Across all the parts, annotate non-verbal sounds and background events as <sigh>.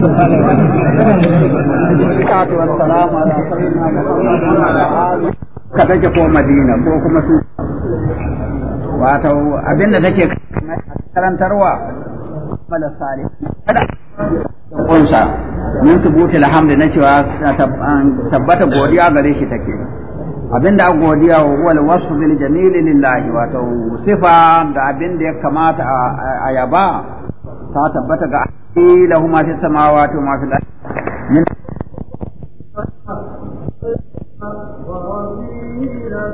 ka take ko madina ko kuma su wato abinda take karantarwa mala salih kada kunsa min tubuti alhamdu na cewa tabbata godiya gare shi take abinda da godiya wa huwa alwasfu bil jamili lillahi wato sifa da abinda ya kamata a yaba ta tabbata ga له ما في السماوات وما في الأرض من لا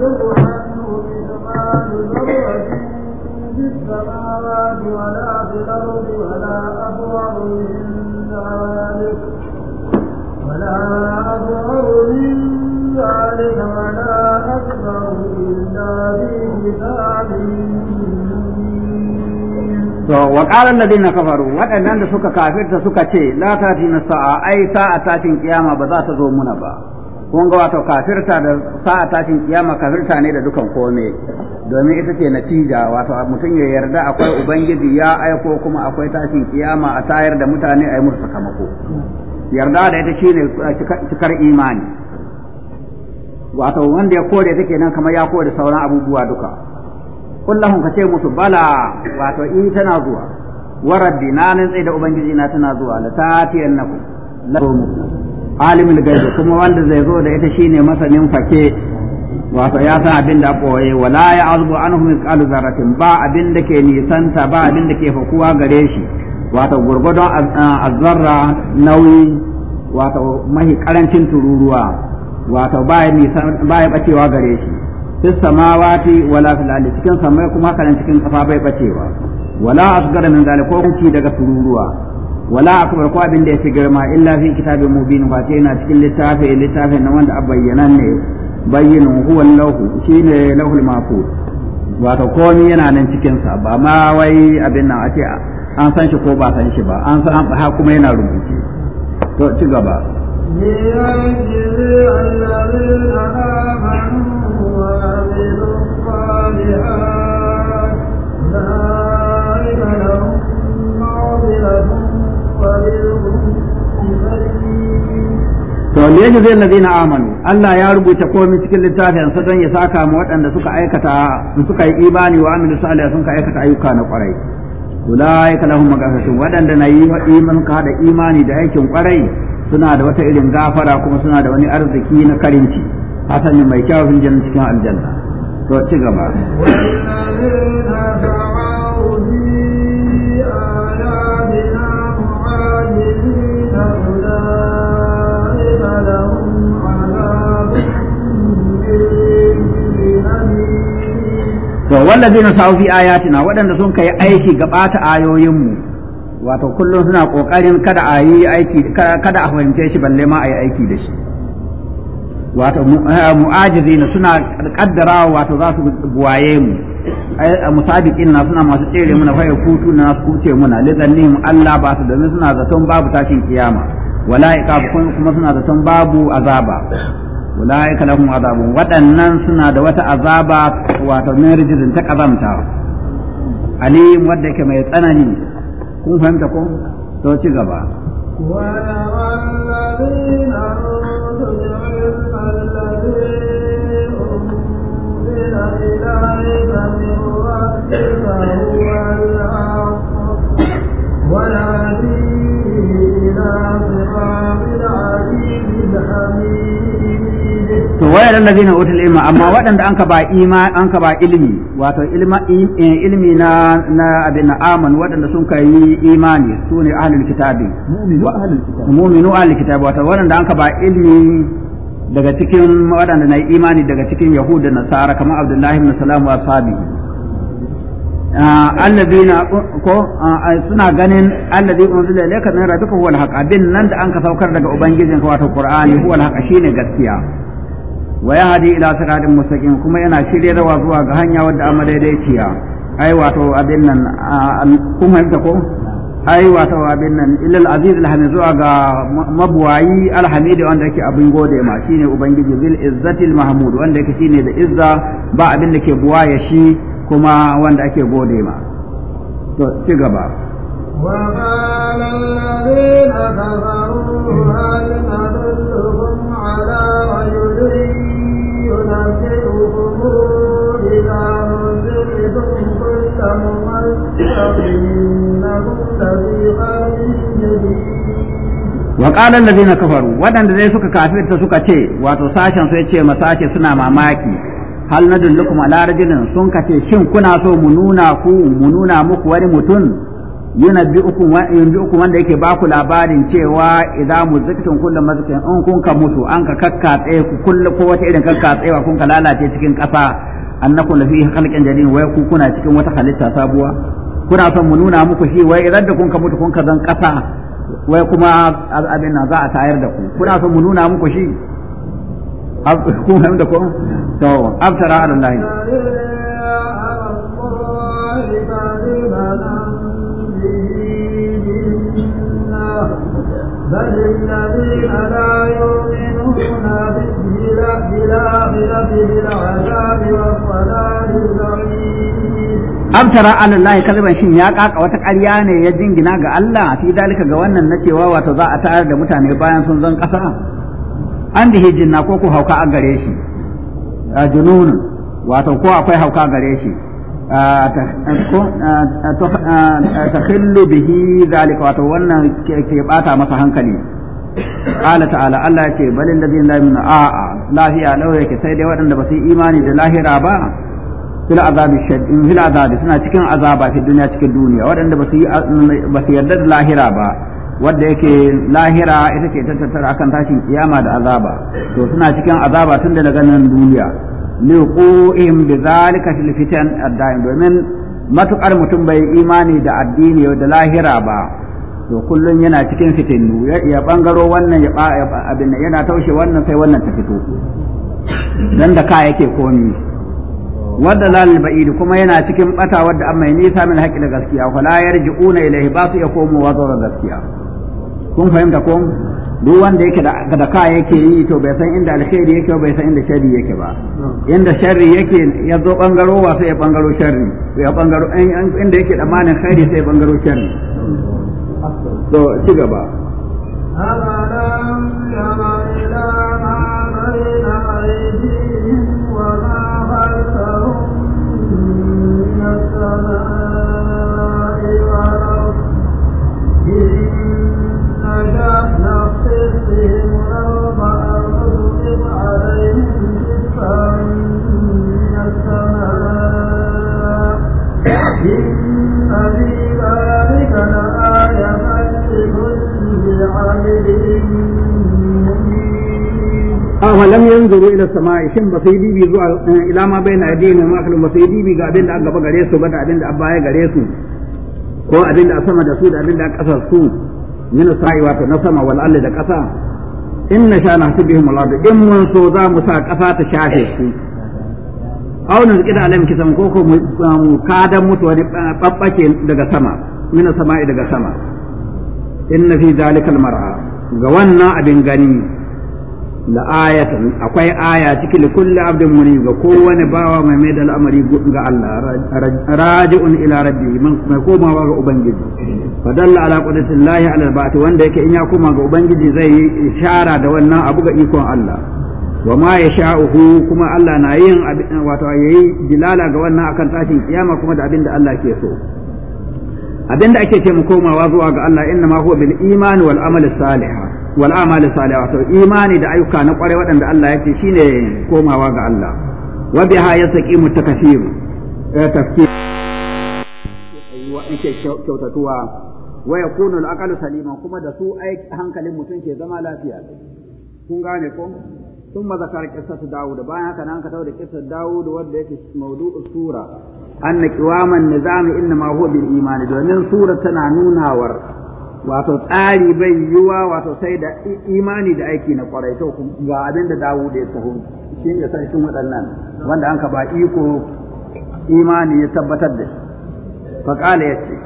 ذرة في السماوات ولا في الأرض ولا أبعد من ذلك ولا أبعد من ذلك ولا أكبر إلا بكتاب wa ƙarar kafaru waɗannan da suka kafirta suka ce la ta fi sa'a ai sa'a tashin kiyama ba za ta zo muna ba kun ga wato kafirta da sa'a tashin kiyama kafirta ne da dukan kome domin ita ce natija wato mutum ya yarda akwai ubangiji ya aiko kuma akwai tashin kiyama a tayar da mutane a yi musu sakamako yarda da ita shine cikar imani wato wanda ya kore take nan kamar ya kore sauran abubuwa duka kullahun ka ce musu bala wato in tana zuwa waraddi na nan tsaye da ubangiji na tana zuwa la tatiyan naku alimul gaibi kuma wanda zai zo da ita shine masanin fake wato ya san abin da koye wala ya azbu anhu mithqalu zarratin ba abin da ke nisanta ba abin da ke fakuwa gare shi wato gurgudon azzarra nauyi wato mahi karancin tururuwa wato baya nisan baya bacewa gare shi fis samawati wala fil ardi cikin samai kuma haka nan cikin kafa bai bacewa wala asgara min zalika ko kunci daga tururuwa wala akbar ko abin da yake girma illa fi kitabin mubin ba ce yana cikin littafi littafi na wanda a bayyana ne bayyinu huwa lahu shine al mafud wato komai yana nan cikin sa ba ma wai abin nan a an san shi ko ba san shi ba an san ha kuma yana rubuce to ci gaba ليجزي الذين آمنوا وعملوا الصالحات أولئك لهم مغفرة ورزق To ne ji zai lazina amanu Allah ya rubuta komai cikin littafin sa don ya saka mu waɗanda suka aikata suka yi imani wa amilu salih sun ka aikata ayyuka na ƙwarai ulaika lahum maghfiratun waɗanda na yi iman ka da imani da aikin ƙwarai suna da wata irin gafara kuma suna da wani arziki na karinci ne mai kyau sun janna cikin aljanna to ci gaba to wallazina sa'u fi ayatina waɗanda sun kai aiki ga ɓata mu wato kullum suna kokarin kada a yi aiki kada a fahimce shi balle ma a yi aiki da shi wato eh, mu'ajizina suna kaddara wato za su buwaye mu ai musabiqin na suna masu tsere muna fa kutu na su kuce muna lidannihim Allah ba su domin suna zaton babu tashin kiyama wala iqab kuma suna zaton babu azaba ulaika lahum azabun waɗannan suna da wata azaba wato min rijzin ta kazamta alim wanda yake mai tsanani kun fahimta ko to ci gaba إليك من ربك wayar allazina wutar ilmi amma waɗanda an ka ba ima an ka ba ilimi wato e, ilimi na na abin aman waɗanda sun kai imani su ne ahlul kitabi mu'minu ahlul kitabi wato waɗanda an ka ba ilimi daga cikin waɗanda na imani daga cikin da nasara kamar abdullahi ibn salam wa sabi ko suna ganin allazi unzila ilayka min rabbika huwa al abin nan da an ka saukar daga ubangijinka wato qur'ani huwa al shi shine gaskiya wa hadi ila siratin mustaqim kuma yana da zuwa ga hanya wadda amma daidaiciya ai wato abin nan kuma yanka ko ai wato abin nan ilal aziz alhamid zuwa ga mabwayi alhamid wanda yake abin gode ma shine ubangiji zil izzatil mahmud wanda yake shine da izza ba abin da ke buwaye shi kuma wanda ake gode ma to ci gaba وقال الذين كفروا هل ندلكم على رجل مرجعكم إلى مرجعكم na ممسك waɗanda zai suka kafirta suka ce wato sashen su ma masashe suna mamaki hal nadullukum ala rajulin sun kace shin kuna so mu nuna ku mu nuna muku wani mutum yunabbi'ukum wa uku wanda yake baku labarin cewa idza muziktum kullum mazikin in kun ka mutu an ka kakkatse ku kullu ko wata irin kakkatsewa kun ka lalace cikin ƙasa annakum lafi khalqin jadid wai ku kuna cikin wata halitta sabuwa kuna son mu nuna muku shi wai idan da kun ka mutu kun ka zan kasa wai kuma abin nan za a tayar da ku kuna son mu nuna muku shi <laughs> kun da ku to aftara alallahi بل الذين لا يؤمنون بالآخرة بالعذاب والضلال البعيد abtara alallahi kalban shin ya kaka wata ƙarya ne ya jingina ga Allah fi dalika ga wannan na cewa wato za a tayar da mutane bayan sun zan ƙasa an da jinna ko ku hauka a gare shi a jununun wato ko akwai hauka gare shi تخل به ذلك وتولى كيباتا مسا هنكلي قال تعالى الله يكي بل الذين لا يؤمنون آآ لا هي لو يكي سيدي وأن بسي إيماني لله رابا في العذاب الشد في العذاب سنة تكن عذابا في الدنيا تكن الدنيا وأن بسي بسي يدد الله رابا wadda yake lahira ita ce ta tattara akan tashin kiyama da azaba to suna cikin azaba tun daga nan duniya liqo'im bi zalika fil fitan ad-da'im domin matukar mutum bai imani da addini da lahira ba to kullum yana cikin fitinu ya bangaro wannan ya abin yana taushe wannan sai wannan ta fito dan da ka yake komi wadda lal ba'id kuma yana cikin bata wadda amma ya nisa min haƙƙi da gaskiya wala yarji'una ilayhi ba su ya komo wa gaskiya kun fahimta ko duk wanda yake da ka yake yi to bai san inda alheri yake bai san inda sharri yake ba inda sharri yake ya zo bangarowa sai ya bangaro sharri ya bangaro inda yake da tsammanin khairi sai ya bangaro sharri to ci gaba awa lam yanzuru ila samai shin ba sai dibi zuwa ila ma bayna addini ma kallu ba sai dibi ga abin da aka gaba gare su ba da abin da abba ya gare su ko abin da a sama da su da abin da a kasar su min sa'i wato na sama wal ardi da kasa in na sha na tubihim al ardi in mun so za mu sa kasa ta shafe su aw na zikira alam kisan ko ko mu kadan mutu wani babbake daga sama min sama'i daga sama inna fi zalikal mar'a ga wannan abin gani la ayata akwai aya cikin kulli abdin muni ga kowane bawa mai mai da al'amari ga Allah raji'un ila rabbi man mai komawa ga ubangiji fa dalla ala qudratillahi ala al wanda yake in ya koma ga ubangiji zai yi ishara da wannan abu ga ikon Allah wa ma yasha'uhu kuma Allah na yin wato yayi dilala ga wannan akan tashin kiyama kuma da abin da Allah ke so abin da ake ce mu komawa zuwa ga Allah inna ma huwa bil iman wal amal salihah wal amali salihah imani da ayyuka na kware waɗanda Allah ya ce shine komawa ga Allah wa biha yasaqimu takfir eh, tafkir yake kyautatuwa wa yakunu al saliman kuma da su ai hankalin mutum ke zama lafiya kun gane ko bayan ذكر قصة داود بعد هكذا أنك تقول قصة داود وديك موضوع السورة أن قوام domin sura tana nunawar wato tsari bai yiwa wato sai da imani da aiki na kwarai to ga abin da da ya taho shi ne san shin waɗannan wanda an ka ba iko imani ya tabbatar da shi fa ya ce.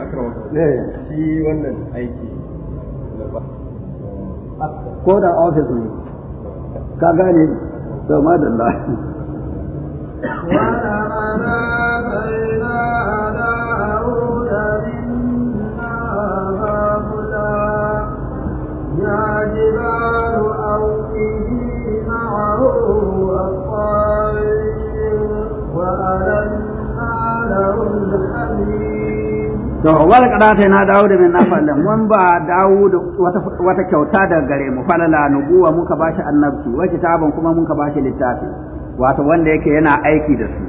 shi wannan aiki ko da office ne ka gane to madalla وَلَمَنَا يا to kada na dawo da na fallan mun ba dawo da wata kyauta daga gare mu falala nuguwa muka bashi annabci wa kitaban kuma muka bashi littafi wato wanda yake yana aiki da su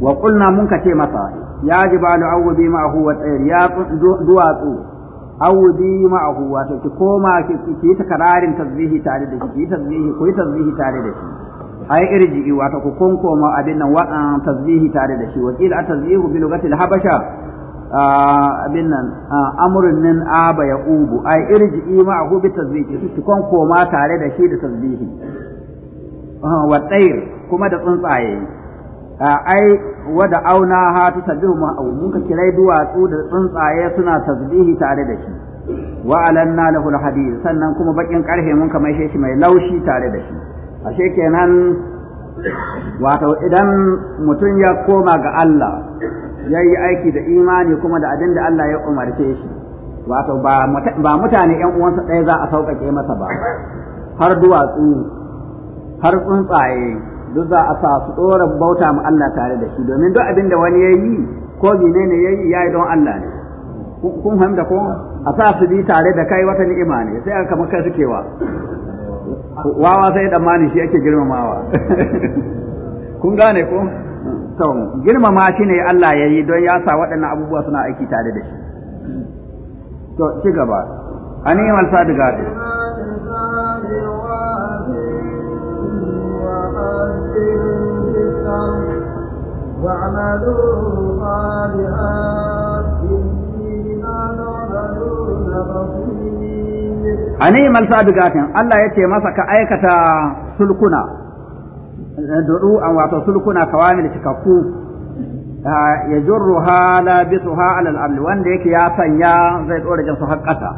wa qulna mun ka ce masa ya ji ba jibalu bi ma huwa tsayar ya duwatsu awudi ma'ahu wato ki koma ki ta kararin tasbihi tare da shi ki tasbihi ku yi tare da shi ai irji'i wato ku konkoma abin nan wa tasbihi tare da shi wakila tazbihu bi lugati habasha abin nan amrun nan aba ya ubu ai irji'i ma'ahu bi tasbihi ki konkoma tare da shi da tasbihi wa tsair kuma da tsuntsaye A ah, ai wada auna ha ma au mun ka kirai duwatsu da tsuntsaye suna tasbihi tare da shi wa alanna lahu alhadid sannan kuma bakin karfe mun ka maishe shi mai laushi tare da shi ashe kenan wato idan mutum ya koma ga Allah ya yi aiki da imani kuma da abin da Allah ya umarce shi wato ba mutane ‘yan uwansa ɗaya za a sauƙaƙe masa ba har duwatsu har tsuntsaye duk za a sa su dora bauta ma Allah tare da shi domin duk abin da wani ya yi ko menene ya yi ya yi don Allah ne kun fahimta ko a sa su bi tare da kai wata ni'ima ne sai aka maka suke wa wawa sai da mani shi yake girmamawa <laughs> kun gane ko to girmama shi ne Allah ya yi don ya sa waɗannan abubuwa suna aiki tare da shi to ci gaba sadiga ne A neman sadigatin Allah ya ce masa ka aikata sulkuna, duru an wato sulkuna ka kawamil cikakku, ya jurru ha labisu ha alal'amli wanda yake ya sanya zai tsorajen su har ƙasa.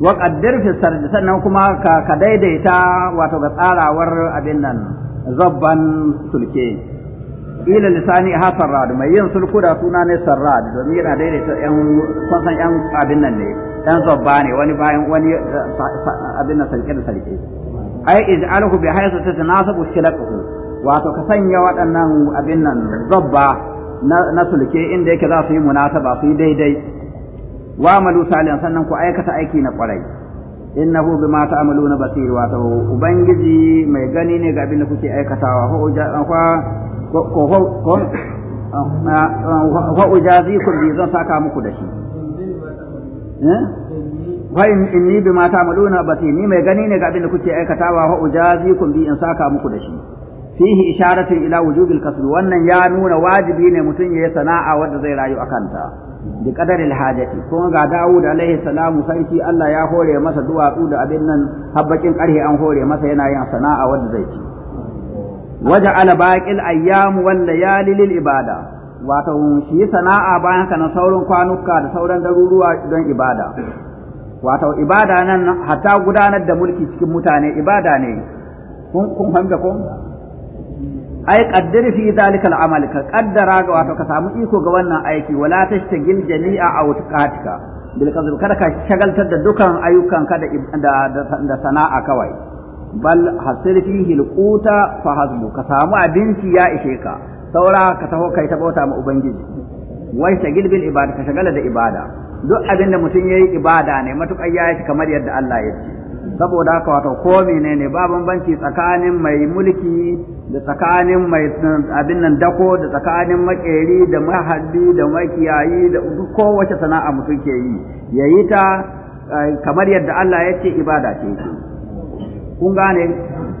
wa qaddir fi sannan kuma ka ka daidaita wato ga tsarawar abin nan zabban sulke ila lisani ha sarrad mai yin sulku da suna ne sarrad domin yana daidaita yan san yan abin nan ne dan zabba ne wani bayan wani eh, abin nan sarki da sarki ai ij'alhu bi haythu tatanasabu shilaqahu wato ka sanya waɗannan abin nan zabba na sulke inda yake za su yi munasaba su yi daidai wa amalu salihan sannan ku aikata aiki na kwarai innahu bima ta'maluna basir wa tahu ubangiji mai gani ne ga abin da kuke aikatawa ko ko ko wa ujazikum bi zan saka muku da shi eh? wa inni bima ta'maluna basir ni mai gani ne ga abin da kuke aikatawa wa kun bi in saka muku da shi fihi isharatu ila wujubil kasb wannan ya nuna wajibi ne mutum ya yi sana'a wanda zai rayu akanta bi qadaril hajati kuma ga Dawud alaihi salamu sarki Allah ya hore masa duwatsu da abin nan habbakin karhe an hore masa yana yin sana'a wanda zai ci ala baqil ayyam wal layali lil ibada wato shi sana'a bayan kana sauran kwanuka da sauran daruruwa don ibada wato ibada nan hatta gudanar da mulki cikin mutane ibada ne kun kun fahimta ko ai qaddir fi zalika al'amal ka qaddara ga wato ka samu iko ga wannan aiki wala tashtagil jami'a aw tuqatika bil qadr kada ka shagaltar da dukan ayyukan ka da da sana'a kawai bal hasir fihi alquta fa hazmu ka samu abinci ya ishe ka saura ka taho kai ta bauta ma ubangiji wai ta bil ibada ka shagala da ibada duk abinda mutum yayi ibada ne matukar ya shi kamar yadda Allah ya ce saboda haka wato ko menene ba bambanci tsakanin mai mulki da tsakanin mai abin nan dako da tsakanin makeri da mahalli da makiyayi da kowace sana'a mutum ke yi yayi ta eh, kamar yadda Allah ya ce ibada ce kun gane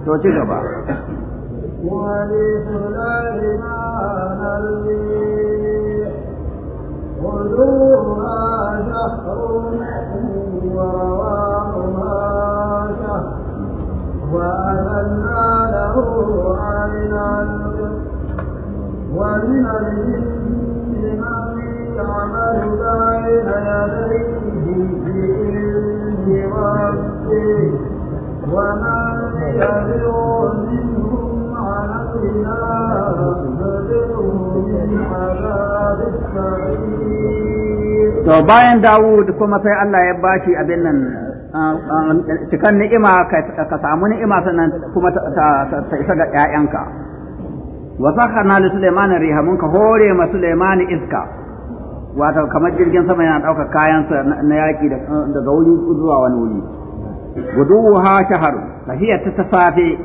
to ci gaba غلوها شهر ورواحها شهر وأذلنا له عين القسط ومن الجن من يعمل بين يديه بإذن ربه ومن يدعو منهم علينا to bayan Dawud kuma sai Allah ya bashi abin nan cikan ni'ima ka samu ni'ima sannan kuma ta isa ga ƴaƴanka wa sakhana li Sulaiman riha ka hore ma Sulaiman iska wato kamar jirgin sama yana ɗaukar kayansa na yaƙi daga wuri zuwa wani wuri ha shahar tahiyar ta safe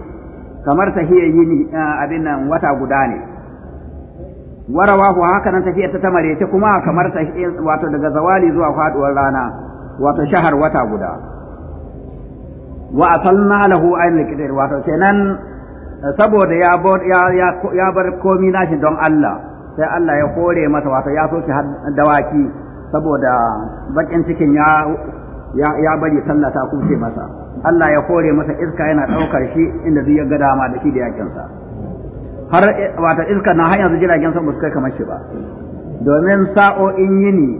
kamar tahiyar yini abin nan wata guda ne warawahu haka nan tafiyar ta marece kuma kamar ta wato daga zawali zuwa faduwar rana wato shahar wata guda wa asalna lahu ayyul kidir wato kenan saboda ya bar ya bar komi nashi don Allah sai Allah ya kore masa wato ya soke dawaki saboda bakin cikin ya ya bari sallah ta kuce masa Allah ya kore masa iska yana ɗaukar shi inda duk ya ga dama da shi da yakinsa. sa har wata iska na har yanzu jiragen sama su kai kamar shi ba domin sa'o'in yini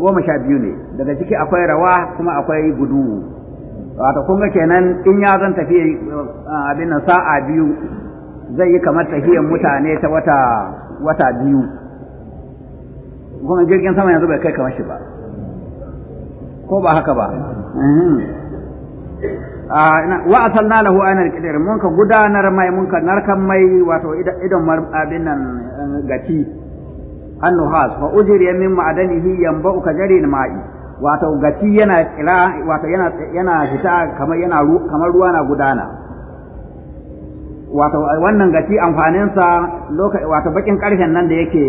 goma sha biyu ne daga ciki akwai rawa kuma akwai gudu wata kun kenan in ya zan tafiya uh, abin nan sa'a biyu zai yi kamar tafiyan mutane ta wata biyu kuma jirgin sama yanzu bai kai kamar shi ba ko ba haka ba mm-hmm. Ah, wa asalna lahu ayna al-qidr mun ka gudanar mai mun ka narkan mai wato idan abin nan eh, gati has fa ya min ma'adanihi yanba'u ka jarin ma'i wato gati yana kira wato yana yana fita kamar yana kamar ruwa na gudana wato wannan gati amfanin sa lokaci wato bakin karfen nan da yake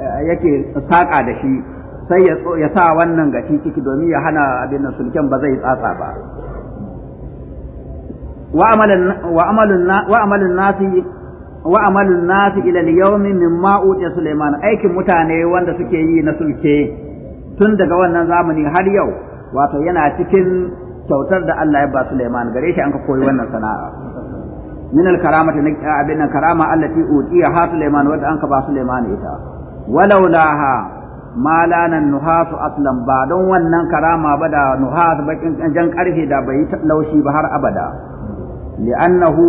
eh, yake saka da shi sai ya sa wannan gati ciki domin ya hana abin nan sulken ba zai tsatsa ba wa'amalin nasi wa'amalin nasi ila yawmi Sulaiman aikin mutane wanda suke yi na sulke tun daga wannan zamani har yau wato yana cikin kyautar da Allah ya ba Sulaiman gare shi an ka koyi wannan sana'a min al-karamati na abin karama allati utiya ha Sulaiman wanda an ka ba Sulaiman ita walaulaha ma lana nuhasu aslan ba don wannan karama ba da nuhas bakin jan karfe da bai laushi ba har abada li'annahu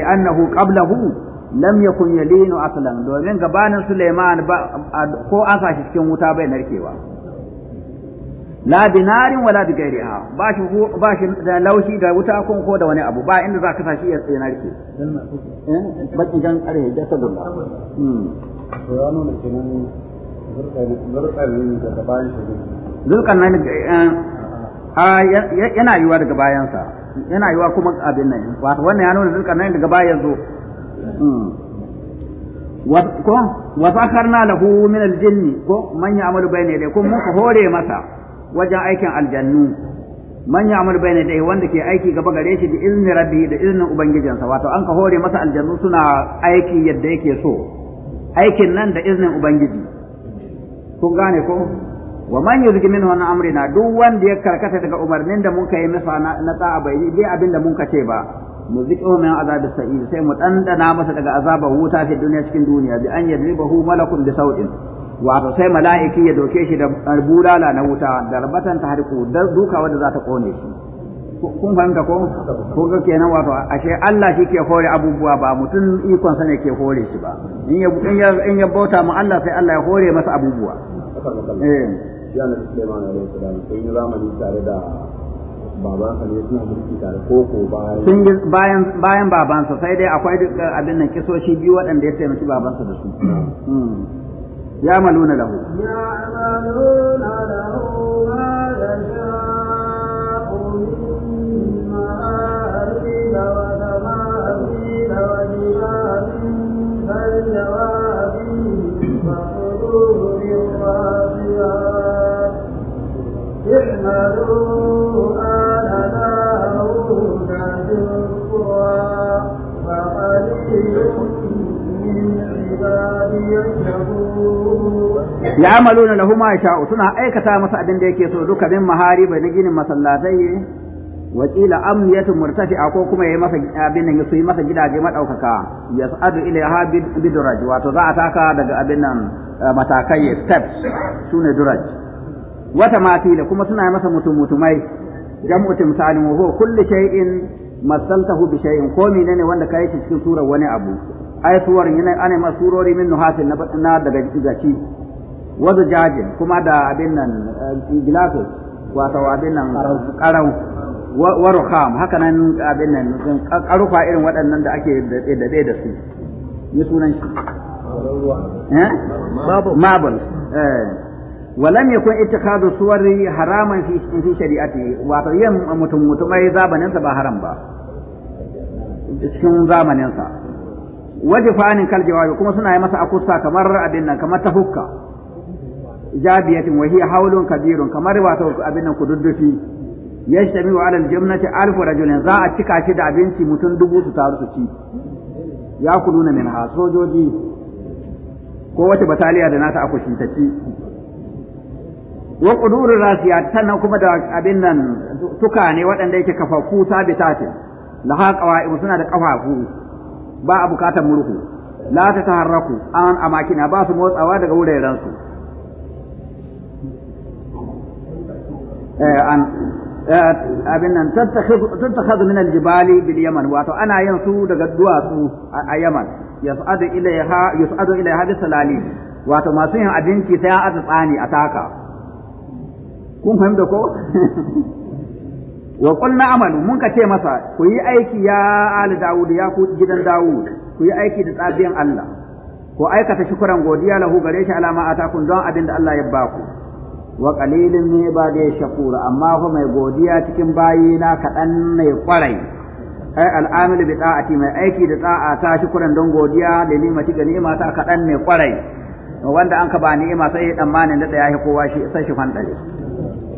li'annahu qablahu lam yakun yalinu aslan domin gabanin Suleiman ko an sashi cikin wuta bai narkewa la binarin wala bi gairiha da laushi da wuta ko da wani abu ba inda za ka ya narke baki dan kare da sabullah zulkan nan yana yiwa daga bayansa yana yiwa kuma abin nan wato wannan ya nuna zulkar nan daga baya zo hmm. ko wa sakharna lahu min al ko man amalu bayna dai kun muka hore masa wajen aikin aljannu man amalu bayna dai wanda ke aiki gaba gare shi bi izni rabbi da iznin ubangijinsa wato an ka hore masa aljannu suna aiki yadda yake so aikin nan da iznin ubangiji kun gane ko wa man yuzgi minhu an amrina duk wanda ya karkata daga umarnin da muka yi masa na ta'a bai yi bi abin da muka ce ba mu zikihu min azabi sa'id sai mu dandana masa daga azabar wuta fi duniya cikin duniya bi an yadribahu malakun bi sautin wato sai mala'iki ya doke shi da bulala na wuta darbatan tahriqu duka wanda za ta kone shi kun fahimta ko ko ga kenan wato ashe Allah shi ke hore abubuwa ba mutum ikon sa ne ke hore shi ba in ya in ya bauta mu Allah sai Allah ya hore masa abubuwa eh ya na Sulaiman Alayhi salam sai yi zamani tare da babansa ne suna mulki tare ko ko bayan sun yi bayan bayan babansa sai dai akwai duk eh, abin nan kisoshi biyu waɗanda ya taimaki babansa da su hmm. ya maluna lahu ya maluna lahu ma da ya'maluna lahu ma yasha'u suna aikata masa abin da yake so duka min mahariba na ginin masallatai wa qila amniyatu murtafi'a ko kuma yayi masa abin nan su yi masa gidaje madaukaka yas'adu ilaiha biduraj wato za a taka daga abin nan matakai steps sune duraj wata da kuma suna masa mutum mutumai jam'u timsalin wa huwa kullu shay'in masaltahu bi shay'in ko menene wanda kai shi cikin surar wani abu ai suwar yana ana ma surori min nuhatin na daga gaci wazu jajin kuma da abin nan eh, glasses wato abin nan karau wa rukham haka nan abin nan karufa irin waɗannan da ake daɗe da su ni sunan shi eh? marbles eh ولم يكن اتخاذ الصور حراما في في شريعته wato yin mutum mutumai zamanin ba haram ba cikin zamanin sa waje kal jawabi kuma suna yi masa akusa kamar abin nan kamar tafukka jabiyatin wa hiya haulun kabirun kamar wato abin nan kududdufi yashtami wa alal jannati alf rajulin za a cika shi da abinci mutum dubu su taru su ci ya kuluna min ha sojoji ko wace bataliya da nata akushin ta ci wa qudur rasiya sannan kuma da abin nan tuka ne waɗanda yake kafafu sabitatin laha qawa'im suna da ƙafafu, ba a bukatar murhu la ta taharraku an amakina ba su motsawa daga wurarensu. Eh, an eh, abin nan tattakhadhu min aljibali bil yaman wato ana yin su daga duwatsu a yaman yas'adu ilaiha yas'adu ilaiha bisalali wato masu yin abinci sai an aza tsani a taka kun fahimta ko wa qulna amal mun ka ce masa ku yi aiki ya ali dawud ya ku gidan dawud ku yi aiki da tsabiyan Allah ku aikata shukuran godiya lahu gare shi alama atakum don abin da Allah ya ba ku wa qalilin min ibadi shakura amma fa mai godiya cikin bayina kaɗan ne kwarai ai al'amil bi ta'ati mai aiki da ta'a ta shukuran don godiya da nimati ga ni'ima ta kaɗan ne kwarai wanda an ka ba ni'ima sai dan tsammanin da ya kowa shi sai shi fandare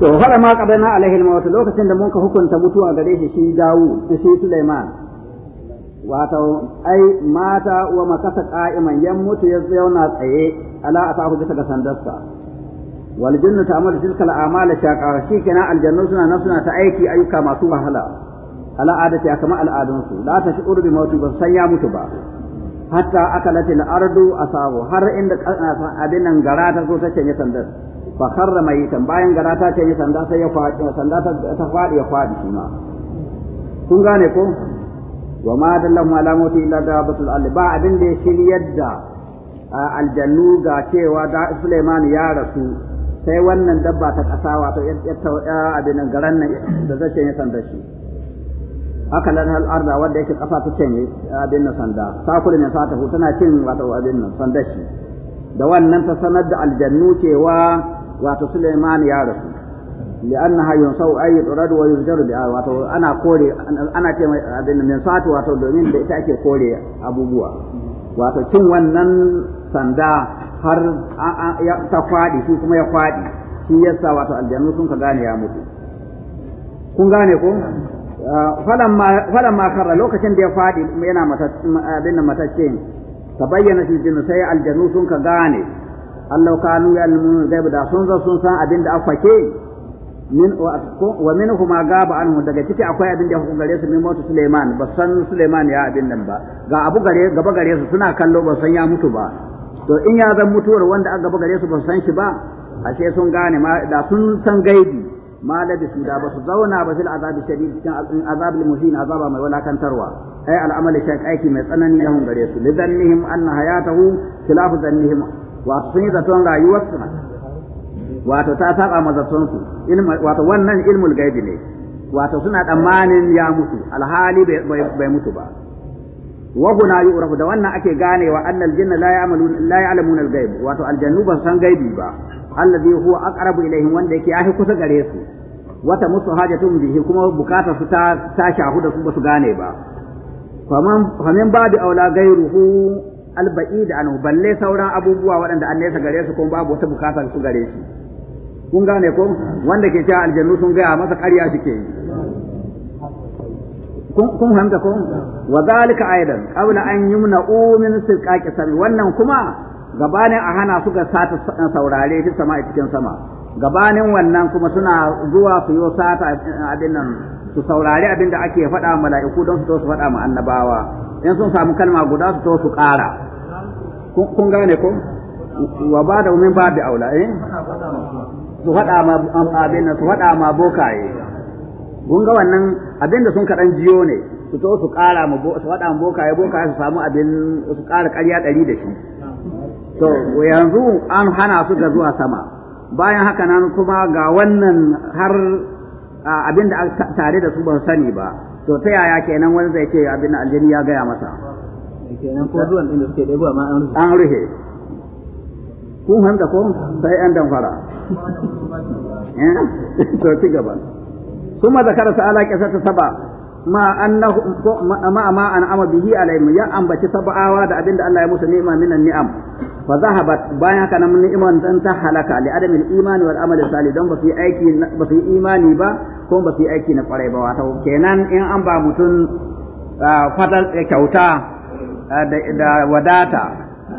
To fara ma kabaina alaihi al lokacin da mun ka hukunta mutuwa gare shi shi dawo da shi Sulaiman wato ai mata wa makasa qa'iman yan mutu ya zauna tsaye ala asahu bisa ga sandarsa wal jinnu ta'malu tilka al-a'mal shaqa kenan aljannu suna nan suna ta aiki ayyuka masu wahala ala adati kama al'adunsu la tashuru bi mautu ba san ya mutu ba hatta akalatil ardu asabu har inda eh, abin nan gara ta zo ta canye sandar fa yi tan, bayan gara ta canye sanda sai ya faɗi sanda ta faɗi ya faɗi shi ma kun gane ko wa ma dallahu ala mauti illa dabatul ardi ba abin da ya shiryar da eh, aljannu ga cewa da Sulaiman ya rasu sai wannan dabba ta kasa wato abin nan garan nan da ta canye sandar shi haka lan hal arda wanda yake kasa ta canye abin nan sanda ta kula ne sa ta hu tana cin wato abin nan sanda shi da wannan ta sanar da aljannu cewa wato Sulaiman ya rasu li'annaha yunsau ay turad wa yujaru bi wato ana kore ana ce abin nan min sa'atu wato domin da ita ake kore abubuwa wato cin wannan sanda har ta fadi shi kuma ya fadi shi yasa wato aljannu sun ka gane ya mutu kun gane ko falan ma kharra lokacin da ya fadi yana abin da matacce ta bayyana shi jinu sai aljanu sun ka gane Allah ka nu ya almun gaib da sun zo sun san abin da afake min wa min huma gaba anhu daga ciki akwai abin da ya gare su min mutu Suleiman ba san Suleiman ya abin nan ba ga abu gare gaba gare su suna kallo ba san ya mutu ba to in ya zan mutuwar wanda aka gaba gare su ba san shi ba ashe sun gane ma da sun san gaibi ma labisu da basu zauna ba fil azabi shadid cikin azab al muhin azaba mai walakantarwa ai al amal shaq aiki mai tsanani lahum gare su li dhannihim anna hayatahu khilafu dhannihim wa sun zaton su wato ta saba ma zaton wato wannan ilmul gaibi ne wato suna tsammanin ya mutu alhali bai mutu ba wa huna yu'rafu da wannan ake ganewa annal jinna la ya'maluna la ya'lamuna al-ghaib wato aljannu ba san gaibi ba allazi huwa aqrabu ilaihim wanda yake yafi kusa gare su wata musu hajatun bihi kuma bukata su ta ta shahu da su basu gane ba faman famin babu aula gairuhu alba'id anhu balle sauran abubuwa waɗanda an nesa gare su kuma babu wata bukata su gare shi kun gane ko wanda ke cewa aljannu sun gaya masa ƙarya suke yi kun fahimta ko wa zalika aidan qabla an yumna'u min sirqaqi sami wannan kuma gabanin a hana suka sata saurare fi sama a cikin sama gabanin wannan kuma suna zuwa su yi sata eh, abin nan su saurari abin da ake faɗa mala'iku don su to su faɗa ma annabawa in sun samu kalma guda su to su ƙara kun gane ko wa ba da umin babu aula eh su faɗa ma abin nan su faɗa ma bokaye kun ga wannan abin da sun kaɗan jiyo ne su to su ƙara ma su faɗa ma bokaye bokaye su samu abin su ƙara ƙarya ɗari da shi to yanzu an hana su ga zuwa sama bayan haka nan kuma ga wannan har abin da tare da su ban sani ba to ta yaya kenan wani zai ce abin aljini ya gaya masa kenan ko zuwan din da suke ma an ruhe. an rufe kun hanta ko sai an damfara eh? <laughs> to ci gaba ثم ذكر تعالى قصة سبع ما أنه ما ما an به عليهم يا da بتي da وهذا أبين الله يمسى نعمة من النعم fa zahabat bayan haka nan ni'man dan ta halaka li adami al-iman wal amal salih don ba su yi aiki ba imani ba ko ba yi aiki na kwarai ba wato kenan in an ba mutum fatal kyauta da wadata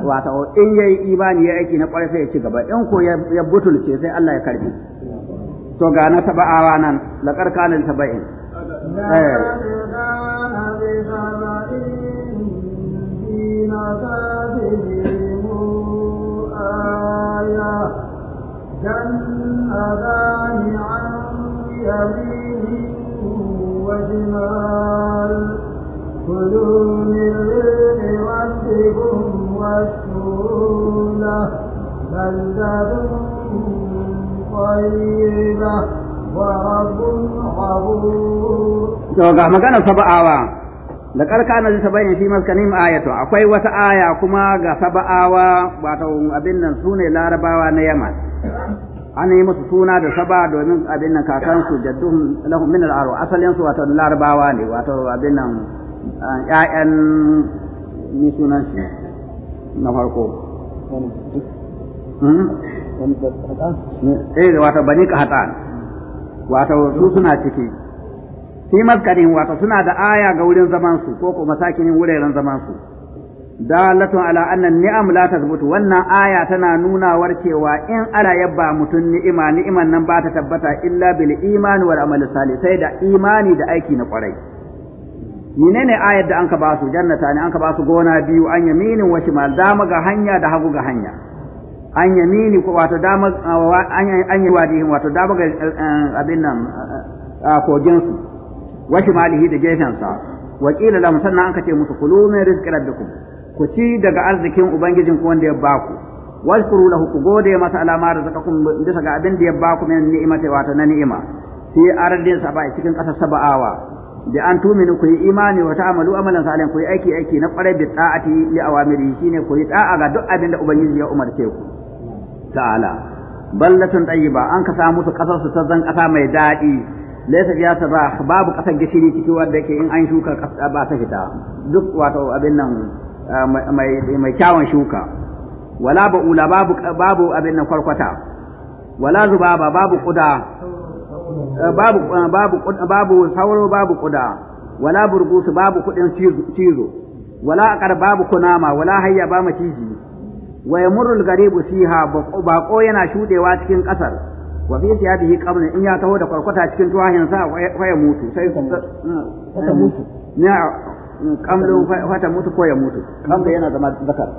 wato in yayi imani ya aiki na kwarai sai ya ci gaba in ko ya butulce sai Allah ya karbi to ga na saba'awa nan laqad kana saba'in eh آية جنتان عن يمين وشمال كلوا من رزق ربكم واشكروا له بلدة طيبة ورب غفور. To ga magana saba'awa Da laqad na zai sabayin fi maskanim ayatu akwai wata aya kuma ga saba'awa wato abin nan sune larabawa na yaman an yi musu suna da saba domin abin nan kakansu jaddun lahum min al-aro asalin su wato larabawa ne wato abin nan ƴaƴan ni sunan shi na farko hmm? eh wato bani kahatan wato su suna ciki fi maskanin wato suna da aya ga wurin zaman su ko kuma sakinin wuraren zaman su dalatun ala anna ni'am la tazbutu wannan aya tana nunawar cewa in ala yabba mutun ni'ima ni'iman nan ba ta tabbata illa bil imani wal amali salih sai da imani da aiki na kwarai menene ayar da anka ba su jannata ne anka ba su gona biyu an yaminin wa shimal dama ga hanya da hagu ga hanya an yamini wato dama an yi wadihin wato dama ga eh, eh, abin nan eh, kogin su wa shimalihi da gefensa wa qila lahum sannan an kace musu kulu min rizqi rabbikum ku ci daga arzikin ubangijin ku wanda ya baku washkuru lahu ku gode masa alama razaqakum bisa ga abin da ya baku min ni'imati wato na ni'ima fi ardin saba cikin kasar saba'awa Da an tuminu ku yi imani wa ta'malu amalan salihan ku yi aiki aiki na kwarai bi ta'ati li awamiri shine ku yi ta'a ga duk abin da ubangiji ya umarce ku ta'ala ballatun tayyiba an ka samu su kasar su ta zan kasa mai daɗi laysa biya sabah babu kasar gishiri ciki wanda yake in an shuka kasa ba ta fita duk wato abin nan mai mai kyawun shuka wala ba'ula babu babu abin nan kwarkwata wala zubaba babu kuda eh, babu eh, babu babu sauro babu kuda wala burgusu babu kudin cizo wala akar babu kunama wala hayya ba maciji wa yamurru garibu fiha baqo yana shudewa cikin kasar wa fi thiyabihi qabla in ya taho da kwarkwata cikin tuwahin sa fa ya mutu sai ta mm. mutu na mm, kamlun fa ta mutu ko ya mutu kamlun yana zama zakar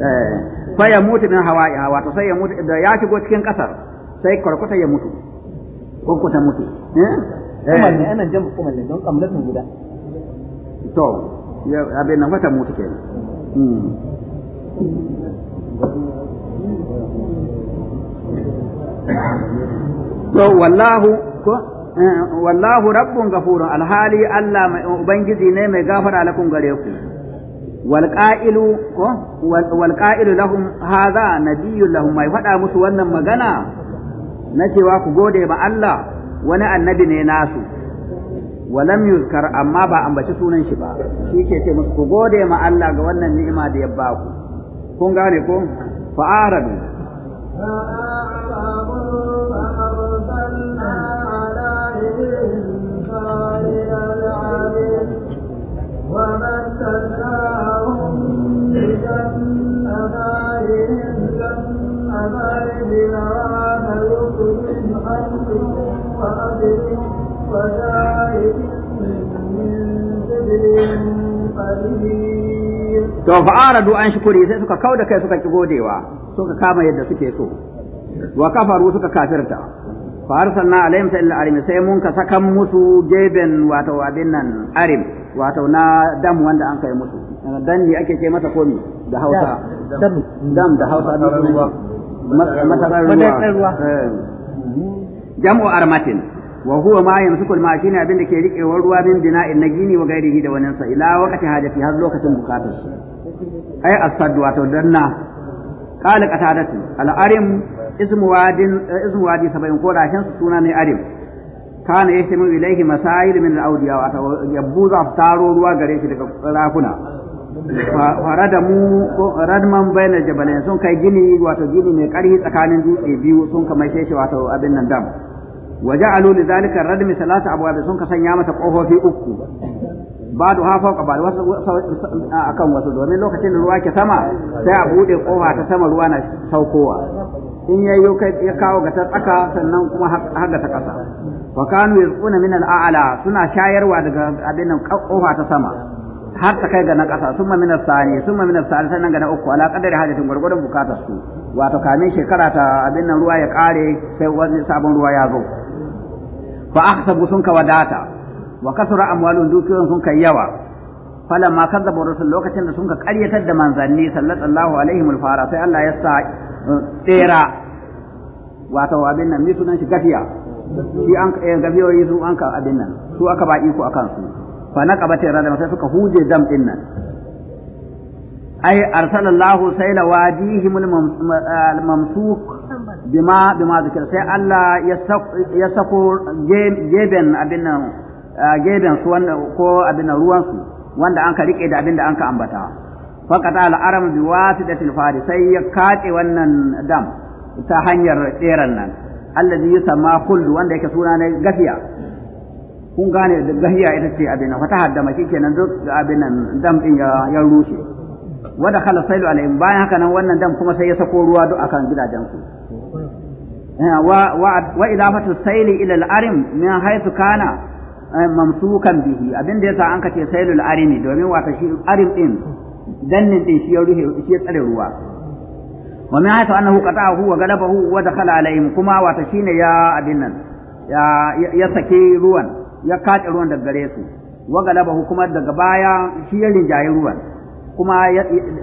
eh fa ya mutu min hawa'i hawa to sai ya mutu da ya shigo cikin kasar sai kwarkwata ya mutu ko ta mutu eh eh ana jamba kuma ne don kamlatun guda to ya abin nan wata mutu kenan hmm. to wallahu ko eh, wallahu rabbun ghafurun alhali Allah mai ubangiji ne mai gafara alakun gare ku wal qa'ilu ko wal qa'ilu lahum hadha nabiyyun lahum mai faɗa musu wannan magana na cewa ku gode ma Allah wani annabi ne nasu walam yuzkar amma ba ambaci sunan shi ba shi ke ce musu ku gode ma Allah ga wannan ni'ima da ya ba ku kun gane ko fa'aradu الذين آمنوا اخرج عنهم to shukuri sai suka kauda kai suka ki godewa suka kama yadda suke so wa kafaru suka kafirta fa arsalna alaihim sa'il arim sai mun ka sakan musu geben wato abin nan arim wato na dam wanda an kai musu dan ne ake ce masa komi da Hausa dam da Hausa matarar ruwa eh. jam'u armatin wa huwa ma yamsuku al shine abin da ke riƙewar ruwa min bina'in na gini wa gairihi da waninsa ila wakati hajati har lokacin bukatar shi ai asad wato danna qala qatadatu al-arim ismu wadin eh, ismu wadi saba'in ko rashin suna ne arim kana yahtamu ilayhi masail min al-awdiya wato yabbuza taro ruwa gare shi daga rafuna. da mu radman baina jabalai sun kai gini wato gini mai ƙari tsakanin dutse biyu sun kama sheshe wato abin nan dam waje alu li zalika radmi salasa abwab sun ka sanya masa kofofi uku badu ha fauka ba wasu akan wasu domin lokacin da ruwa ke sama sai a bude kofa ta sama ruwa na saukowa in yayyo kai ya kawo ga ta tsaka sannan kuma haga ta kasa wa kanu yazquna min al-a'la suna shayarwa daga abin nan kofa ta sama har ta kai ga na ƙasa sun mamina sani sun mamina sani sannan ga na uku ala kadari hajjatin gwargwadon bukatar su wato kamin shekara ta abin nan ruwa ya ƙare sai wani sabon ruwa ya zo fa ahsabu sun ka wadata wa kasura amwalun dukiyoyin sun kai yawa falamma kazzabu rusul lokacin da sun ka ƙaryatar da manzanni sallallahu alaihi wa fara sai Allah ya sa uh, tsera wato abin nan mi sunan shi gafiya shi an eh, gafiyoyi su an ka abin nan su aka ba iko akan su fa na kabata irada sai suka huje dam ɗinnan. ai arsalallahu sayla wadihim sai Allah ya sako geben abin rike da abin da ambata faqata al-aram bi wasidatil sai ya kace wannan dam ta hanyar nan wanda yake suna gafiya kun gane gahiya ita ce abin haddama shi kenan duk abin nan dam ɗin ya rushe wa dakhala sailu alaihim bayan haka nan wannan dam kuma sai ya sako ruwa duk akan gidajen su eh, wa wa idafatu saili ila al-arim min haythu kana eh, mamsukan bihi abin da yasa an kace sailul arimi domin wata shi arim din dannin din shi ya ruhe shi ya tsare ruwa wa min haythu annahu qata'ahu wa galabahu wa dakhala alaihim kuma wata shine ya abin nan ya ya sake ruwan ya kace ruwan daga gare su wa galaba kuma daga baya shi ya rinjaye ruwan kuma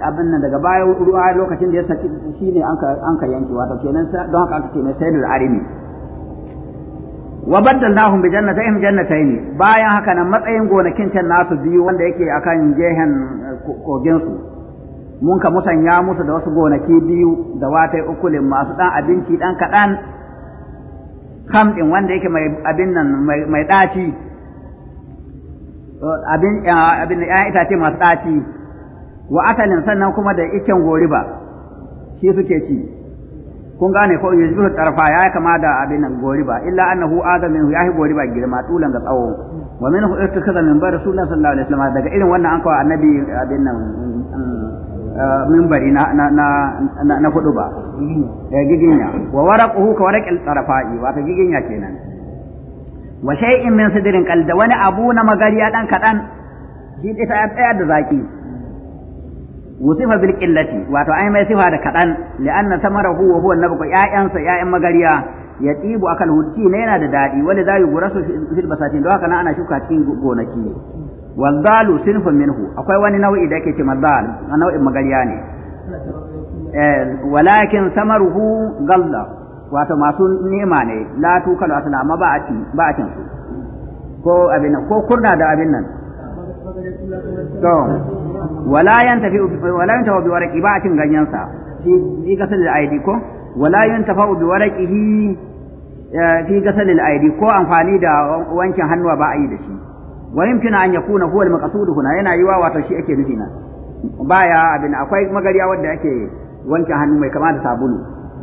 abin nan daga baya ruwa lokacin da ya saki shine an ka yanke wato kenan don haka aka ce mai sayyidul arimi wa baddalnahum bi jannatayhim jannatayn bayan haka nan matsayin gonakin can nasu biyu wanda yake akan gehen eh, kogin su mun ka musanya musu da wasu gonaki biyu da watai ukulin masu dan abinci dan kadan kam din wanda yake mai abin nan mai ɗaci abin abin ya itace masu ɗaci wa asalin sannan kuma da iken goriba shi suke ci kun gane ko zuwa tarfa ya kama da abin nan goriba illa annahu adam minhu yahi goriba girma tulan ga tsawo wa minhu irtikaza min bar rasulullah sallallahu alaihi wasallam daga irin wannan an kawo annabi abin nan mm, mm, eh, minbari na na na na ba da eh, giginya wa waraquhu ka waraqil tarafa'i wato giginya kenan wa shay'in min sidrin qalda wani abu na magariya dan kadan shi ita tsaya da zaki wusifa bil qillati wato ai mai sifa da kadan li'anna samarahu wa huwa nabqa ya'yansa ya'yan magariya ya tibu akal hutti ne yana da dadi wani zai gurasu fil basatin don haka nan ana shuka cikin gonaki ne wal dalu sinfun minhu akwai wani nau'i da yake ce madal nau'in magariya ne Eh, walakin samaruhu galla wato masu nema ne la tukalu asala amma ba a ci ba a cin su ko abin nan ko kurna da abin nan to wala yantafi wala yantafi bi waraki ba a cin ganyen sa fi gasal al-aidi ko wala yantafi bi warqihi eh, fi gasal al-aidi ko amfani da wankin hannuwa ba a yi da shi wa yumkina an yakuna huwa al-maqsud huna yana yiwa wato shi ake nufi nan baya abin akwai magariya wanda ake wanke hannu mai kama da sabulu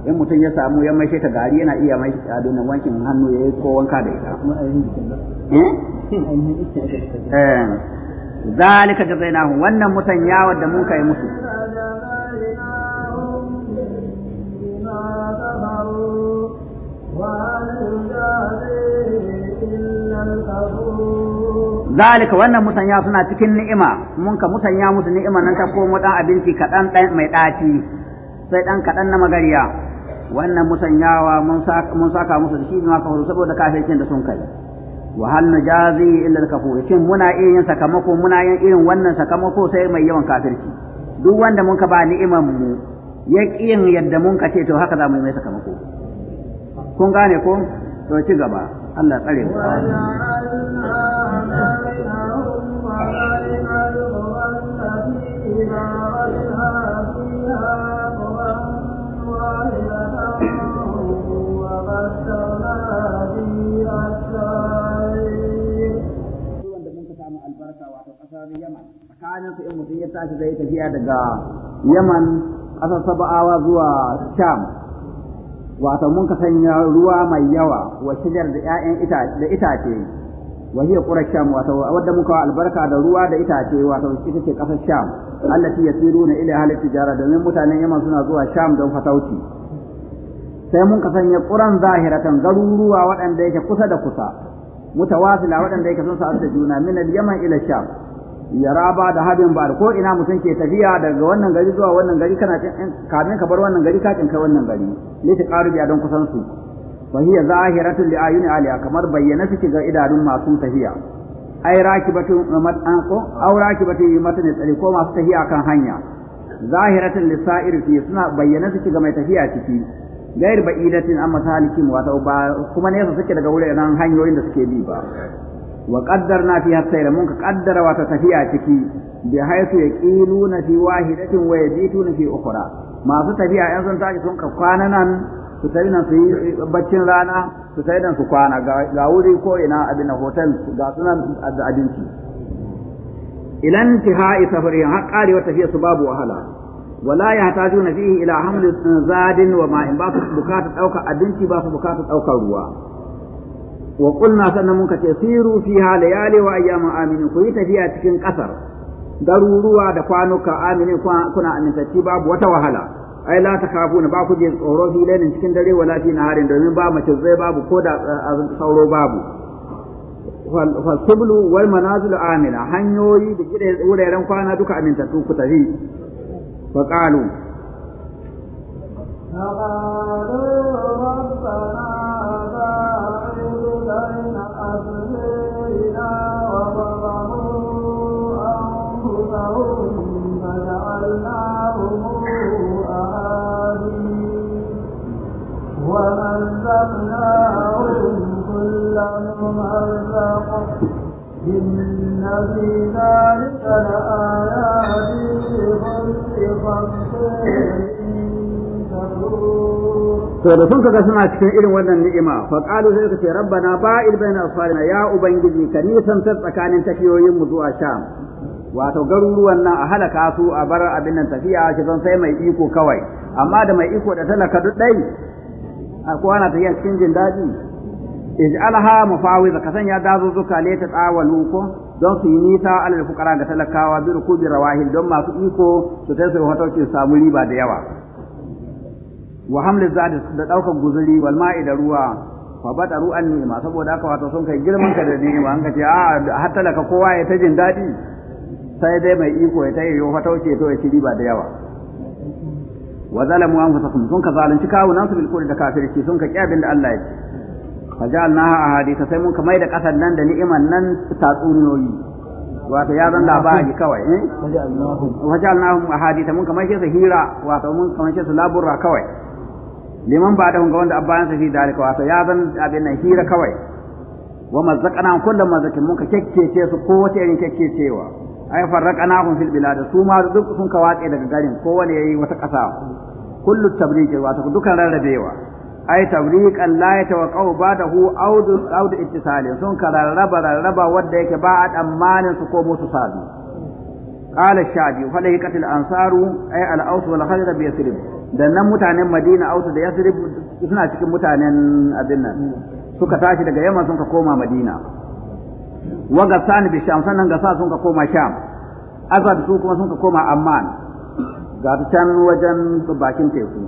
in mutum ya samu ya mai ta gari yana iya mai abin nan wankin hannu ya yi ko wanka da ita eh? eh. zalika jazainahum wannan musanyawar da mun kai musu zalika wannan musanya suna cikin ni'ima mun ka musanya musu ni'ima nan ta komo dan abinci kaɗan mai ɗaci sai ɗan kaɗan na magariya wannan musanyawa mun saka musu da shi ma kafaru saboda kafircin da sun kai wa hal nujazi illa al kafur shin muna iya sakamako muna yin irin wannan sakamako sai mai yawan kafirci duk wanda mun ka ba ni'iman mu ya yadda mun ka ce to haka za mu yi mai sakamako kun gane ko to ci gaba Allah tsare mu halin su in mutum ya tashi zai tafiya daga yaman ƙasar saba'awa zuwa sham wato mun ka sanya ruwa mai yawa wa shigar da ƴaƴan da itace wa hiya Sham, wato wadda muka wa albarka da ruwa da itace wato ita ce ƙasar sham Allah ya tsiru na ila halin tijara domin mutanen yaman suna zuwa sham don fatauci sai mun ka sanya ƙuran zahiratan garuruwa waɗanda yake kusa da kusa mutawasila waɗanda yake sun sa'ar da juna min yaman ila sham ya raba da hadin ba ko ina mutum ke tafiya daga wannan gari zuwa wannan gari kana kamin ka bar wannan gari ka kai wannan gari karu biya don kusan su fa hiya zahiratun li ayuni aliya kamar bayyana suke ga idanun masu tafiya ai mat an ko aw rakibatun ne tsari ko masu tafiya kan hanya zahiratun lisa'ir fi suna bayyana suke ga mai tafiya ciki gair ba'idatin amma salikin wata ba kuma nesa suke daga wuraren hanyoyin da suke bi ba wa qaddarna fiha sayra mun ka qaddara wa tafiya ciki bi haythu yaqiluna fi wahidatin wa yabituna fi ukhra masu tafiya yan sun tashi sun ka kwana nan su tafi nan su yi baccin rana su tafi nan su kwana ga wuri ko ina abin hotel ga sunan abinci ilan intihai safarin har wa tafiya su babu wahala wala yahtajuna fi ila hamlin zadin wa ma'in ba su bukata abinci ba su bukata ruwa wa na sannan mun kace siru fiha layali wa ayyamu aminin ku yi tafiya cikin kasar garuruwa da kwanuka aminin kuna amintacci babu wata wahala ai la takhafuna ba ku je tsoro fi cikin dare wala fi naharin domin ba mace zai babu ko da eh, sauro babu wal sublu wal manazil amina hanyoyi da gidan wuraren kwana duka amintattu ku tafi fa qalu ومزقناهم كل ممزق إن في ذلك لآيات to da sun kaga suna cikin irin wannan ni'ima fa qalu sai ce rabbana ba'id baina asfarina ya ubangiji ka nisan ta tsakanin tafiyoyin mu zuwa sham wato garuruwan nan a halaka su a bar abin nan tafiya shi zan sai mai iko kawai amma da mai iko da talaka duk dai ko ana tafiya cikin jin daɗi ij'alha mufawiza ka sanya dazuzzuka ne ta tsawalu ko don su yi nisa alal fuqara ga talakawa bi rukubi rawahil don masu iko su ta su ce samu riba da yawa wa hamlu zadi da daukar guzuri wal ma'i da ruwa fa bada ru'an ni'ima saboda haka wato sun kai girman ka da ni'ima an kace a ah, har talaka kowa ya ta jin daɗi sai dai mai iko ya ta yi ce to ya ci riba da yawa wa zalamu anfusakum sun ka zalunci kawunan su bil kufri da kafirci sun ka kyabin da Allah ya ce fajalnaha ahaditha sai mun ka mai da kasan nan da ni'iman nan tatsuniyoyi wato ya zan labari kawai eh fajalnahum ahaditha mun ka mai shi hira wato mun ka mai shi laburra kawai liman ba da hunga wanda abbayan sa fi dalika wato ya zan abin nan hira kawai wa mazzaqana kullum mazakin mun ka kekkece su ko wace irin kekkecewa ay farraqnahum fil bilad su ma duk sun kawatse daga garin ya yi wata ƙasa kullu tabriq wato dukan rarrabewa ay tabriq la yatawaqqa'u ba'dahu awd awd ittisali sun kararraba rarraba wanda yake ba a tsammanin su ko musu sabi qala shadi fa lahi qatil ansaru ay al aus wal khayr bi yasrib mutanen madina aus da yasrib suna cikin mutanen abin nan suka tashi daga yamma sun ka koma madina wa ga sani bi sham sannan sa sun ka koma sham azab su kuma sun ka koma amman ga ta can wajen bakin teku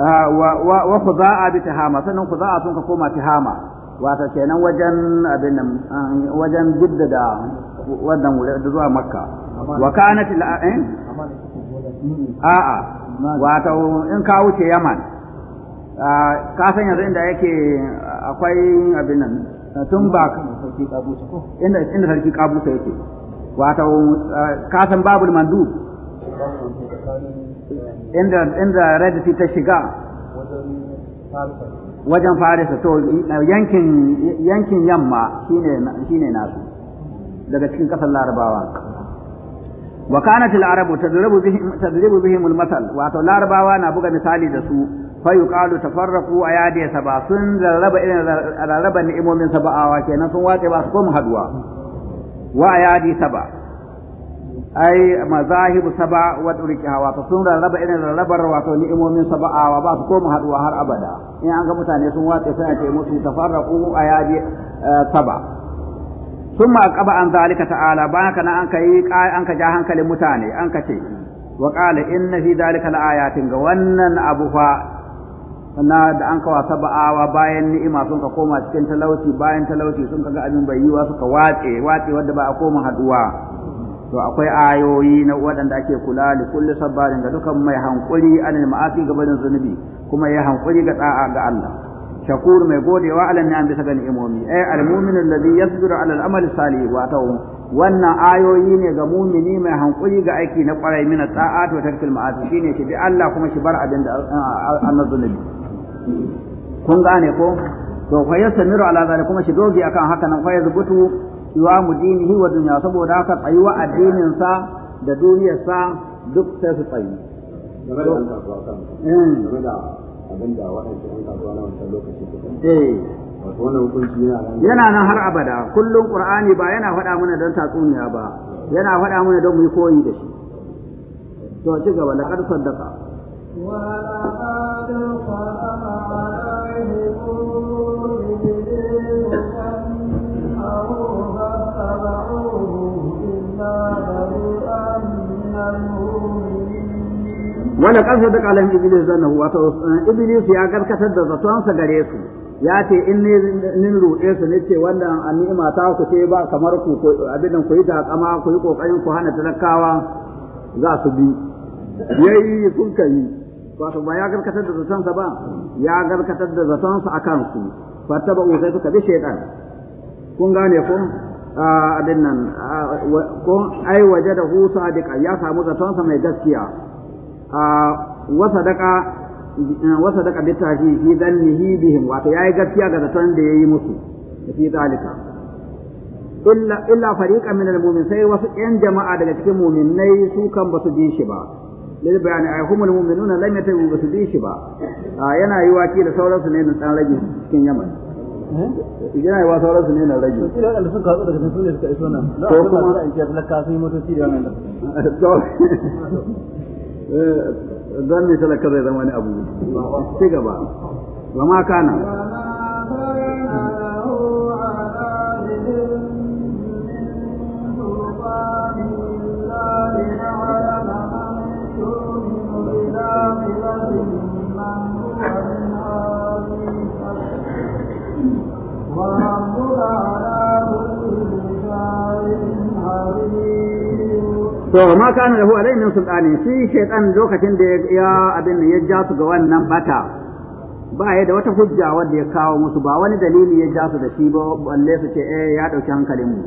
ah, wa khuza'a bi tahama sannan khuza'a sun ka koma tahama Wata kenan wajen abin nan ah, wajen jidda da wannan da zuwa makka wa kanat la'in eh? a'a wato in ka wuce yaman ah, ka san yanzu inda yake akwai abin nan tun ba inda inda sarki kabusa yake wato eh, ka san babul mandu inda inda radisi ta shiga wajen farisa to yankin yankin yamma shine shine nasu daga cikin kasar larabawa wa kanat al arabu tadribu bihim tadribu bihim al masal wato larabawa na buga misali da su fa yuqalu tafarraqu ayadi saba sun rarraba irin rarraba ni'imomin saba'awa kenan sun wace ba su koma haduwa wa ayadi saba ai mazahibu saba wa hawa wato sun rarraba irin rarrabar wato ni'imomin saba'awa ba su koma haduwa har abada in an ga mutane sun wace sai a ce musu tafarraqu ayadi eh, saba ثم أقبع عن ذلك تعالى بانك أنك أنك جاهن كلمتاني أنك شيء وقال إن في ذلك لآيات وأن أبوها na da an kawa saba'awa bayan ni'ima sun ka koma cikin talauci bayan talauci sun ka ga abin bai yiwa suka watse watse wanda ba a koma haduwa to akwai ayoyi na waɗanda ake kula da kulli sabarin ga dukan mai hankuri anil ma'asi ga barin zunubi kuma ya hankuri ga da'a ga Allah shakur mai godewa ala ni'am bisa ga ni'imomi ay al mu'min alladhi yasbiru ala al amal salih wa wannan ayoyi ne ga mumini mai hankuri ga aiki na kwarai mina ta'atu wa tarkil ma'asi shine shi bi Allah kuma shi bar abin da annazunubi kun gane ko to fa yastamiru ala zalika kuma shi dogi akan haka nan fa yazbutu wa mudinihi wa dunya saboda haka tsayuwa addinin sa da duniyar sa duk sai su tsayi eh. eh. yana nan har abada kullum qur'ani ba yana faɗa mana don tatsuniya ba yana faɗa mana don mu yi koyi da shi to ci gaba laqad saddaqa wanda ƙarfe da ƙalan iblis zannahu wato iblis ya karkatar da zatonsa gare su ya ce in ni ruɗe su ne ce wanda a ni'ima ta ku ce ba kamar ku abin nan ku yi takama ku yi ƙoƙarin ku hana talakawa za su bi yayi sun kai wato ba ya garkatar da zatonsa ba ya garkatar da zatonsa a kansu fattaba sai suka bi shaitan kun gane ko abin nan kun ai waje da hu sadiqa ya samu zatonsa mai gaskiya wa sadaqa wa sadaqa bi tahi fi dhannihi bihim wato yayi gaskiya ga zaton da yayi musu fi zalika illa illa fariqan min al-mu'min sai wasu yan jama'a daga cikin mu'minai su kan basu ji shi ba lil bayani ay humul mu'minuna lam yatabu ba su bi shi ba yana yi waki da sauransu ne na dan rage cikin yaman yana yi wa sauransu ne na rage su da sun kawo daga sun ne suka iso nan ko kuma da inke talaka sun yi motoci da wannan don ne talaka zai zama wani abu ci gaba wa ma kana to ma kana lahu alai min sultani shi shaytan lokacin da ya abin ya ja su ga wannan bata ba ya da wata hujja wanda ya kawo musu ba wani dalili ya ja su da shi ba balle su ce eh ya dauki hankalin mu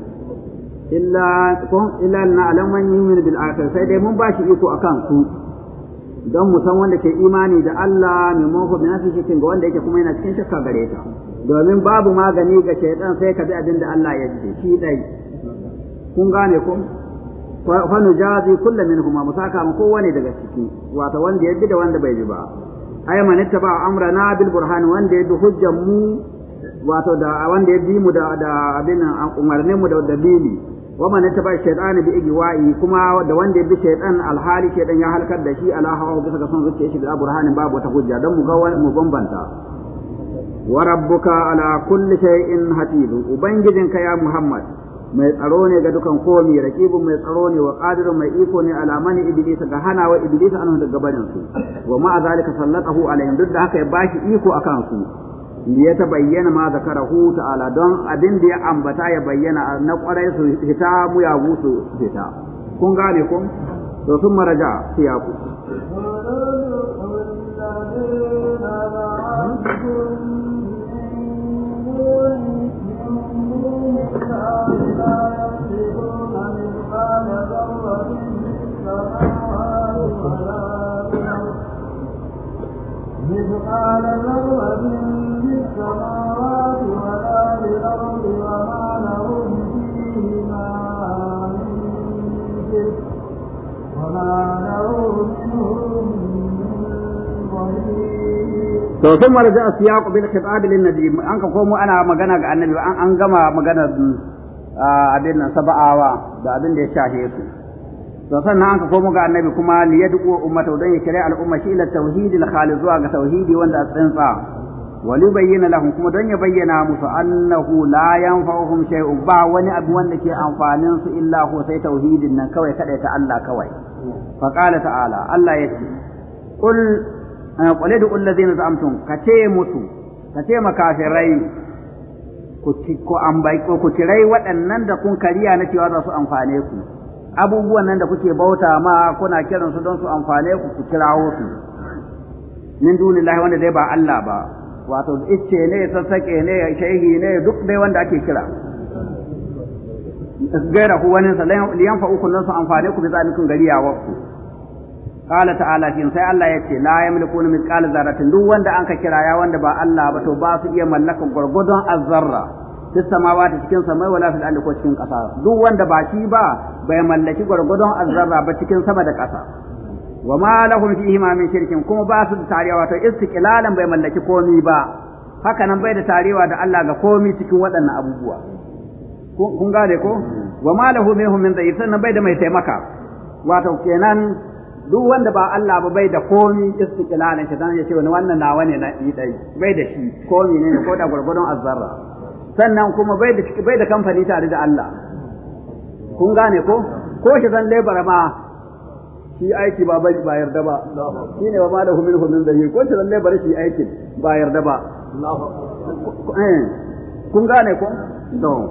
illa kun illa na alaman yumin bil akhir sai dai mun ba shi iko akan su don mu san wanda ke imani da Allah mai mafi bin cikin ga wanda yake kuma yana cikin shakka gare ta domin babu magani ga shaitan sai ka bi abin da Allah ya ce shi dai kun gane ku fa nujazi kullu minhuma musaka mu kowane daga ciki wato wanda ya bi da wanda bai bi ba ay man ittaba amrana bil burhan wanda ya bi hujjar mu wato da wanda ya bi mu da da abin umarnin mu da dalili wa man ittaba shaytan bi igwa'i kuma da wanda ya bi shaytan alhali shaytan ya halkar da shi ala hawa bisa ga son zuciya shi da burhanin babu wata hujja dan mu ga mu bambanta wa rabbuka ala kulli shay'in Ubangijin ubangijinka ya muhammad mai tsaro ne ga dukan komi raqibun mai tsaro ne wa qadirun mai iko ne ala mani iblis ga hana wa iblis an daga barin su wa ma zalika sallatahu alaihim duk da haka ya bashi iko akan su li ya tabayyana ma zakarahu ta'ala don abin da ya ambata ya bayyana na kwarai su hita mu ya gusu hita kun gane kun to sun maraja siyaku ya ku hmm? To sun za a ku bil khitab lin nabi an ka komo ana magana ga annabi an gama magana abin nan saba'awa da abin da ya shahe su to sannan an komo ga annabi kuma li yad'u dan ya kira al'umma shi ila tauhid al zuwa ga tauhidi wanda a tsintsa wa li lahum kuma ya bayyana musu annahu la yanfa'uhum shay'un ba wani abu wanda ke amfanin su illa hu sai tauhidin nan kawai kada ta Allah kawai fa qala ta'ala Allah yace qul eh, qul lad'u za'amtum makafirai ko an bai ko ku tirai waɗannan da kun kariya na cewa za su amfane ku abubuwan nan da kuke bauta ma kuna kiran su don su amfane ku ku kirawo su min dunillahi wanda dai ba Allah ba wato icce ne sassaƙe ne shehi ne duk dai wanda ake kira gaira ku wani sa liyan fa uku nan su amfane ku bi zalikum gariya ku qala ta'ala fi sai Allah ya ce la yamlikuna mithqala zaratin duk wanda an ka kira ya wanda ba Allah ba to ba su iya mallaka azarra su sama wata cikin samai wala fil ardi ko cikin ƙasa duk wanda ba shi ba bai mallaki gurgudun azarra ba cikin sama da ƙasa wa ma lahum fihi ma shirkin kuma ba su tariwa tarewa to istiqlalan bai mallaki komi ba haka bai da tarewa da Allah ga komi cikin waɗannan abubuwa kun gane ko wa ma lahu minhum min dhayr sannan bai da mai taimaka wato kenan duk wanda ba Allah ba bai da komi istiqlalin shi dan ya ce wani wannan nawa ne na idai bai da shi komi ne ko da gurgurun azzarra sannan kuma bai da bai da kamfani tare da Allah kun gane ko ko shi zan lebar ma shi aiki ba bai ba yarda ba shi ne ba ma da humin humin yi ko shi zan lebar shi aiki ba yarda ba eh, kun gane ko don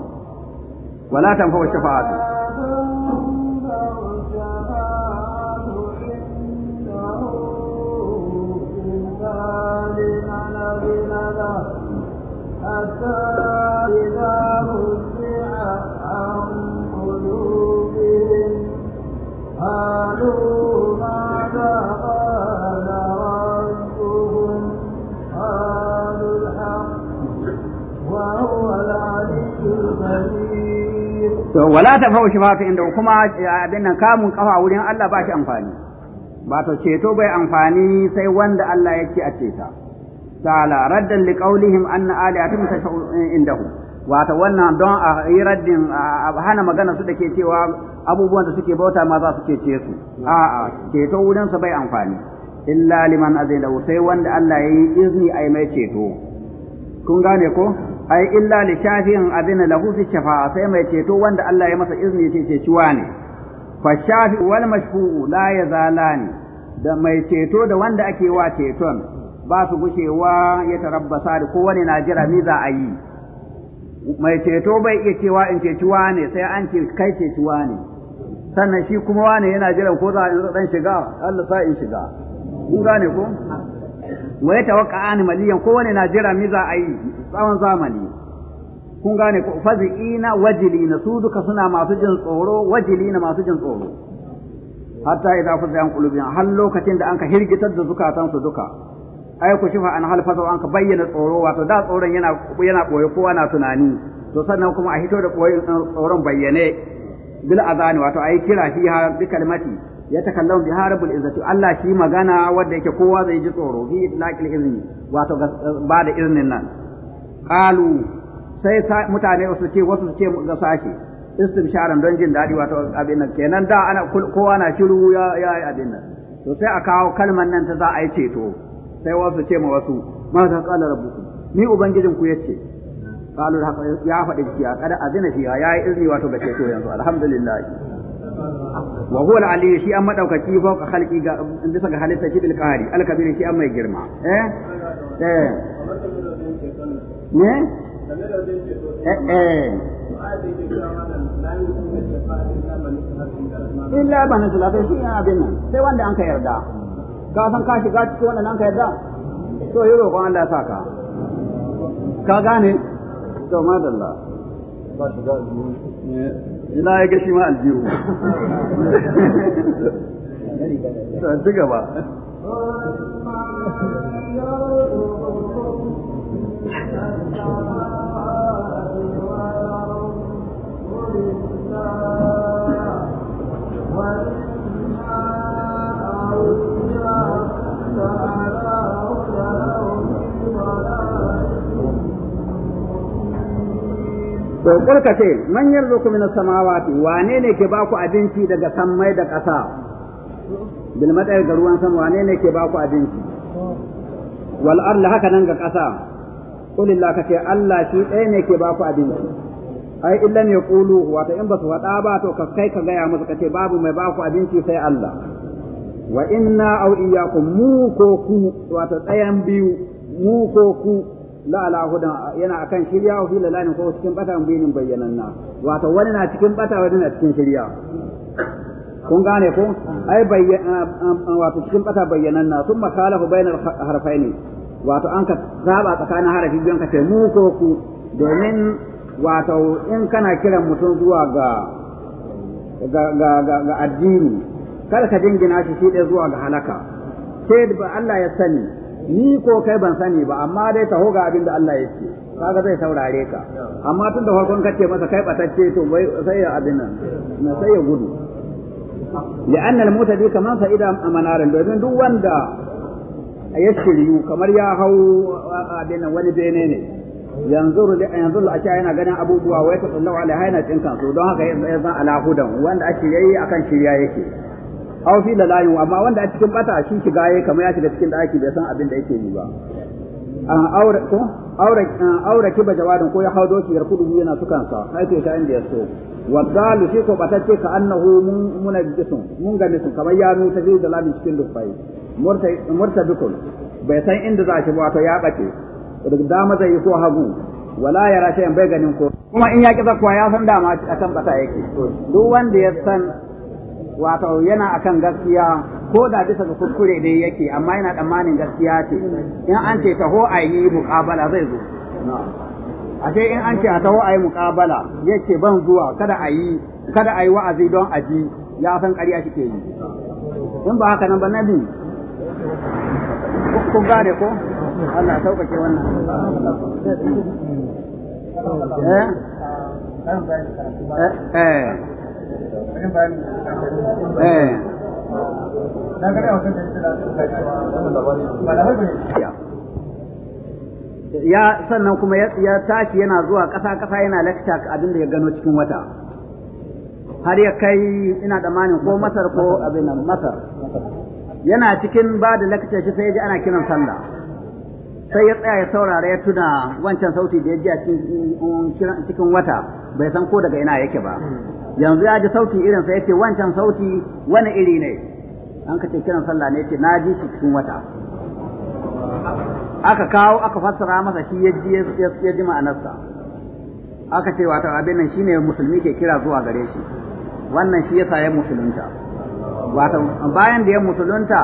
wala tanfa shafa'atu wala ta fa'u shifa fa'in kuma eh, abin nan kamun kafa wurin Allah ba shi amfani ba ceto bai amfani sai wanda Allah ya ce a ceta Sala, raddan li qaulihim anna alihatun tashu indahu wata wannan don a yi raddin a hana magana su da ke cewa abubuwan da suke bauta ma za su cece su a'a ceto wurin sa bai amfani illa liman azina sai wanda Allah ya yi izini a yi mai ceto kun gane ko ai illa li shafin azina lahu fi shafa'a sai mai ceto wanda Allah ya masa izini ya ce ciwa ne fashafi wal mashfu'u la yazalani da mai ceto da wanda ake wa ceton ba su gushewa ya tarabbasa da kowane na jira mi za a yi mai ceto bai iya cewa in ceci wane sai an ce kai ceci wane sannan shi kuma wane yana jiran ko za a dan shiga Allah sa in shiga kun gane ko wai ya tawakka animaliyan kowane na jira mi za a yi tsawon zamani kun gane ko fazi'ina wajilina su duka suna masu jin tsoro wajilina masu jin tsoro hatta idza fuzza an qulubin har lokacin da anka hirgitar da zukatan su duka ai ku shifa an hal an anka bayyana tsoro wato da tsoron yana yana boye kowa na tunani to sannan kuma a hito da boye eh, tsoron bayyane bil azani wato ai kira fi har bi kalmati ya takallamu bi harabul izzati Allah shi magana wanda yake kowa zai ji tsoro bi laqil izni wato eh, ba da iznin nan qalu sai mutane wasu ce wasu su ce ga sashi istimsharan don jin daɗi wato abin nan kenan da ana kowa na shiru ya ya abin nan to sai a kawo kalman nan ta za a yi ceto sai wasu ce ma wasu ma ta kala rabbukum ni ubangijin ku yace haka ya faɗi gaskiya kada azina ya yayi izini wato ga ceto yanzu alhamdulillah wa huwa al-ali shi an madaukaki ka khalqi ga bisa ga halitta shi bil qahari al-kabir shi an mai girma eh eh ne Eh, eh. illa ba sai wanda an ka yarda ka san ka shiga wanda an ka yarda to yi roƙon saka ka gane to eh, ma aljihu Thank <laughs> you. To kulka ce man yarzuku min samawati wane ne ke baku abinci daga samai da ƙasa bil matsayar ga ruwan sama wane ne ke baku abinci wal ardi haka nan ga ƙasa ka ce Allah shi ɗaya ne ke baku abinci ai ne yaqulu wato in basu faɗa ba to ka kai ka gaya musu kace babu mai ba ku abinci sai Allah wa inna aw iyyakum mu ko ku wato ɗayan biyu mu ko ku la ala hudan yana akan shirya wa fil lalani ko cikin bata bayanan bayyananna wato wani na cikin bata wani na cikin shirya kun gane ko ai wato cikin bata na sun makalahu bainal harfaini wato an ka saba tsakanin harafi biyan ka ce mu ko ku domin wato in kana kiran mutum zuwa ga ga addini kar ka jingina shi shi ɗaya zuwa ga halaka sai ba Allah ya sani ni ko kai ban sani ba amma dai taho ga abin da Allah ya ce kaga zai saurare ka amma tun da farkon kace masa kai batacce to bai sai ya abin nan na sai ya gudu li'anna al-mutadi kaman sa'ida manarin domin duk wanda ya shiryu kamar ya hau abin nan wani bene ne yanzu yanzu al'asha yana ganin abubuwa wai ta tsallawa alaiha yana cin kansu don haka ya zan ala hudan wanda ake yayi akan shirya yake aw fi lalayin amma wanda a cikin bata shi shiga yayi kamar ya shiga cikin daki bai san abin da yake yi ba ah, aure ko aure ah, aure kiba jawadin ko ya hau doki ya kudu yana sukansa sai sai ta inda ya so waddalu shi ko batacce ka annahu mun muna mun ga kamar ya nuta zai da labin cikin dukkan murta bai san inda za shi ba to ya bace dama zai yi ko hagu wala ya rashe bai ganin ko kuma in ya ki kuwa ya san dama a akan bata yake duk wanda ya san wato yana akan gaskiya ko da bisa ga kuskure dai yake amma yana tsammanin gaskiya ce in an ce taho a yi muƙabala zai zo a ce in an ce a taho a yi muƙabala yake ban zuwa kada a yi kada a yi wa'azi don a ji ya san ƙarya shi ke yi in ba haka nan ba nabi kun gane ko Allah sauƙaƙe eh? Eh. Eh. ya sannan kuma ya tashi yana zuwa ƙasa ƙasa yana lakta abin da ya gano cikin wata har ya kai ina da mani ko masar ko abin masar yana cikin ba da lakta shi sai ya ji ana kiran sallah sai ya tsaya ya saurara ya tuna wancan sauti da ya ji a cikin um, wata bai san ko daga ina yake ba yanzu ya ji sauti irin sa ya ce wancan sauti wani iri ne an ka ce kiran sallah ne ce na ji shi cikin wata aka kawo aka fassara masa shi ya ji ya ji ma'anarsa aka ce wata abin nan shine musulmi ke kira zuwa gare shi wannan shi yasa ya musulunta wato bayan da ya musulunta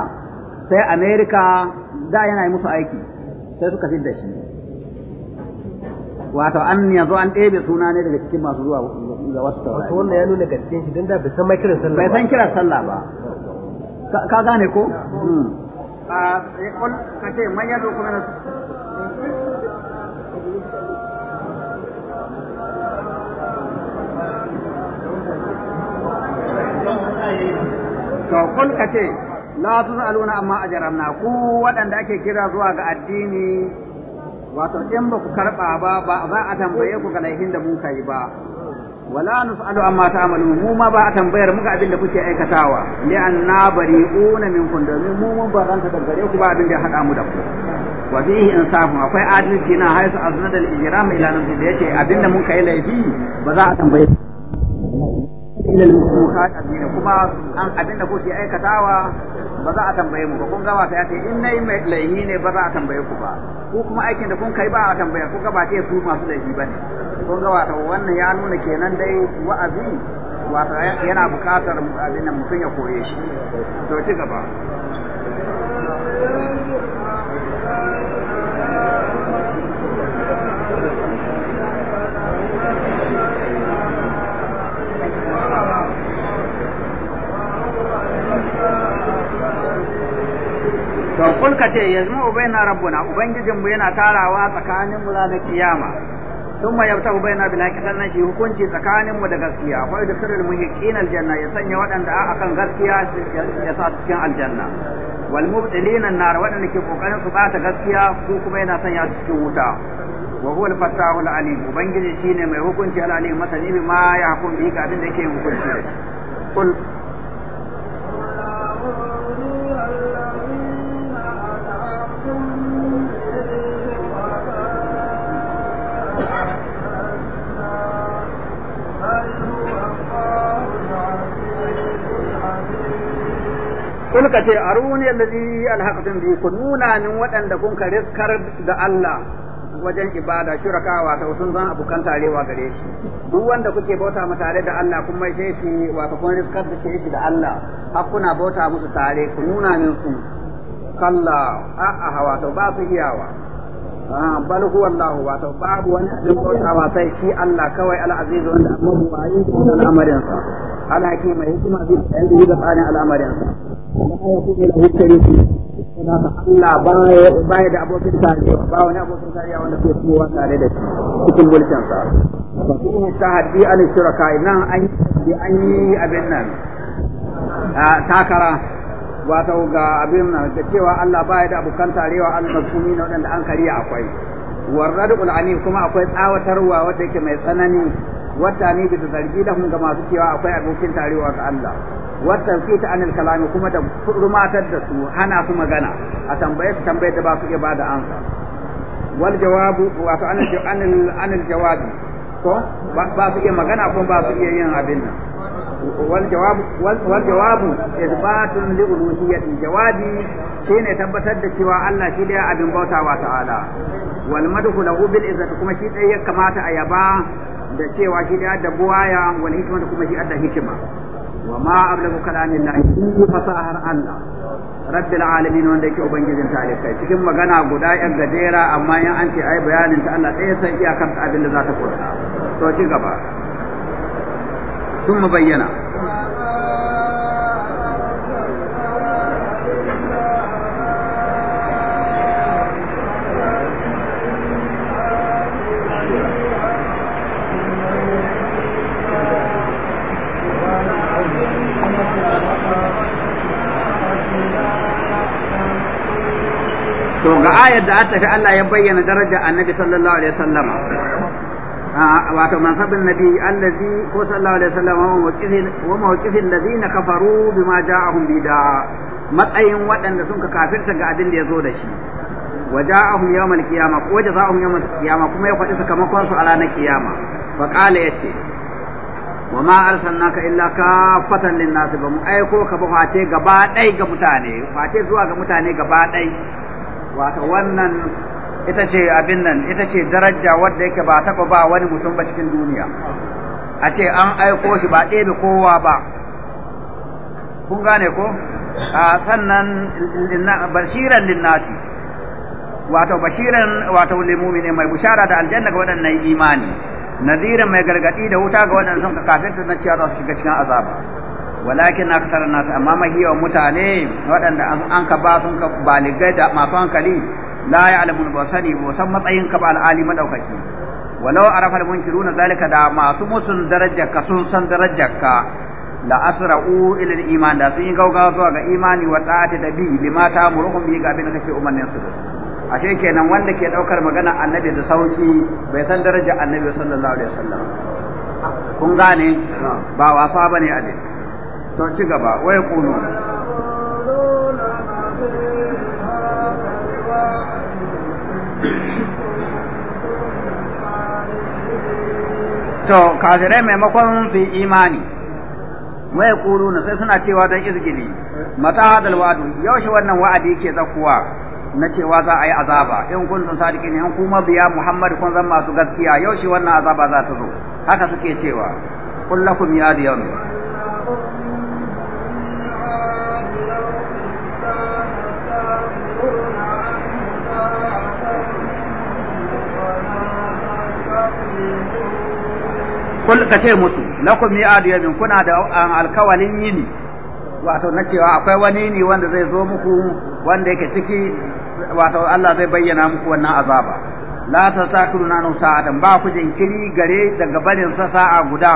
sai Amerika da yana yi musu aiki sai suka da shi wato an yanzu an ɗebe suna ne daga cikin masu zuwa ga wasu taurari wato wannan ya nuna gaske shi dan da bai san mai kiran sallah bai san kiran sallah ba ka gane ko hmm. ah, eh, ka ce man yadu kuma to kun ka ce la tusaluna amma ajaramna ku waɗanda ake kira zuwa ga addini wato in ba ku karɓa ba ba za a tambaye ku ga laihin da mun kai ba wala nus'alu amma ta'malu mu ma ba a tambayar muka abin da kuke aikatawa li anna bari'una minkum da mu mun baranta da gare ku ba abin da ya haɗa mu da ku wa bihi insafu akwai adalci na haisu aznadal ijram ila nan da yace abin da mun kai laifi ba za a tambaye ila al-mukruhat addini kuma an abin da shi aikatawa ba za a tambaye mu ba kun gaba ta yace in nayi mai laihi ne ba za a tambaye ku ba ko kuma aikin da kun kai ba a tambaya ku gaba ta su masu laihi ba ne kun gaba ta wannan ya nuna kenan dai wa'azi wato yana bukatar abin nan mutum ya koye shi to ci gaba to kul ka ce yazmu baina rabbuna ubangijin mu yana tarawa tsakanin mu ranar kiyama thumma ta baina bil haqqi sannan shi hukunci tsakanin mu da gaskiya fa da sirrul muhiqqin al janna ya sanya waɗanda kan gaskiya ya sa cikin aljanna wal mubtilina nar waɗanda ke kokarin su bata gaskiya su kuma yana sanya su cikin wuta wa huwa al fattahu al alim ubangiji shine mai hukunci al alim masani bi ma ya hukunci ga abin da yake hukunci kul kul ka ce aruni allazi alhaqtum bi kun nuna min waɗanda kun ka riskar da Allah wajen ibada shurakawa ta sun zan abokan tarewa gare shi duk wanda kuke bauta mu tare da Allah kun mai sai shi wato kun riskar da shi da Allah har kuna bauta musu tare ku nuna min su kalla a a hawa to ba su Ah, bal huwa Allah wa wato babu wani abin bautawa sai shi Allah kawai al-aziz wanda amma ba yi al'amarin sa alhaki mai hikima bi da tsarin al'amarin sa ولا Allah baya da abokin tarewa ba wani abokin tarewa wanda ke kowa tare da shi cikin mulkin sa ta hadi an shuraka nan an yi abin nan takara wato ga abin nan da cewa Allah baya da abokan tarewa al-mazkumi na wadanda an kariya akwai kuma akwai tsawatarwa mai tsanani wata bi da cewa akwai abokin tarewa ga Allah wata ta anil kalami kuma da rumatar da su hana su magana a tambaye su tambaye da ba su iya bada ansa wal jawabu wato anil anil anil jawabi ko ba su iya magana ko ba su iya yin abin nan wal jawabu wal jawabu isbatun li uluhiyyati jawabi shine tabbatar da cewa Allah shi da abin bauta bautawa ta'ala wal madhu lahu bil izzati kuma shi dai ya kamata a yaba da cewa shi da buwaya wal hikma kuma shi da hikima wa ma na kalamin lahi in fasahar Allah rabbil alamin wanda yake ubangijin talikai cikin magana guda yan gajera amma in an ce ai bayanin ta Allah ɗaya san iyakar abin da za ta kursa to ci gaba tun mu bayyana. ga ayar da a tafi Allah ya bayyana daraja annabi sallallahu alaihi wasallam ah, wato mansabin nabi allazi ko sallallahu alaihi wasallam wa mawqifin ladina kafaru bima ja'ahum bida matsayin waɗanda sun ka kafirta ga abin da ya zo da shi wa ja'ahum yawmal qiyamah ko jaza'ahum yawmal qiyamah kuma ya faɗi sakamakon su a ranar kiyama fa qala yace wa ma arsalnaka illa kafatan lin nas ba mu aiko ka ba fate gaba ɗai ga mutane fate zuwa ga mutane gaba ɗai wato wannan ita ce abin nan ita ce daraja wadda yake ba taɓa ba wani mutum ba cikin duniya a ce an aiko shi ba ɗebe kowa ba kun gane ko a sannan bashiran linnati wato bashiran wato ne mai bushara da aljanna ga waɗannan imani nadirin mai gargaɗi da wuta ga waɗannan sun ka ta na cewa za su shiga cikin azaba walakin aksar nasu amma mahiyawa mutane waɗanda an ka ba sun ka baligai da masu hankali la ya alamun ba sani ba san matsayin ka ba al'ali madaukaki walau arafal munkiruna zalika da masu musun darajar ka sun san darajar ka la asra'u ila iman da sun yi gaugawa zuwa ga imani wa ta'ati da bi lima ta bi ga abin da kake umarnin su ashe kenan wanda ke daukar magana annabi da sauki bai san darajar annabi sallallahu alaihi wasallam kun gane ba wasa bane a to ci gaba waya kunu to kafirai maimakon suyi imani waya na sai suna cewa don izgili mata hadal wa'adu yaushe wannan wa'adi ke zakuwa na cewa za a yi azaba in kun kuntum sadiqin in kuma biya muhammad kun zan masu gaskiya yaushe wannan azaba za ta zo haka suke cewa kullakum ya yawmi kul ka ce musu lakum mi'adu yamin kuna da ah, alkawalin yini wato na cewa akwai wani ne wanda zai zo muku wanda yake ciki wato Allah zai bayyana muku wannan azaba la tasakiruna nu sa'atan ba ku jinkiri gare daga barin sa sa'a guda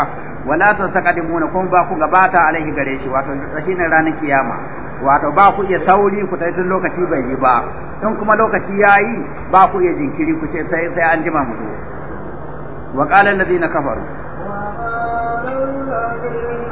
wala tasaqadimuna kun ba ku gabata alaihi gare shi wato shine ranar kiyama wato ba ku iya sauri ku tafi lokaci bai yi ba in kuma lokaci yayi ba ku iya jinkiri ku ce sai sai an jima mu wa qala alladhina kafaru الذين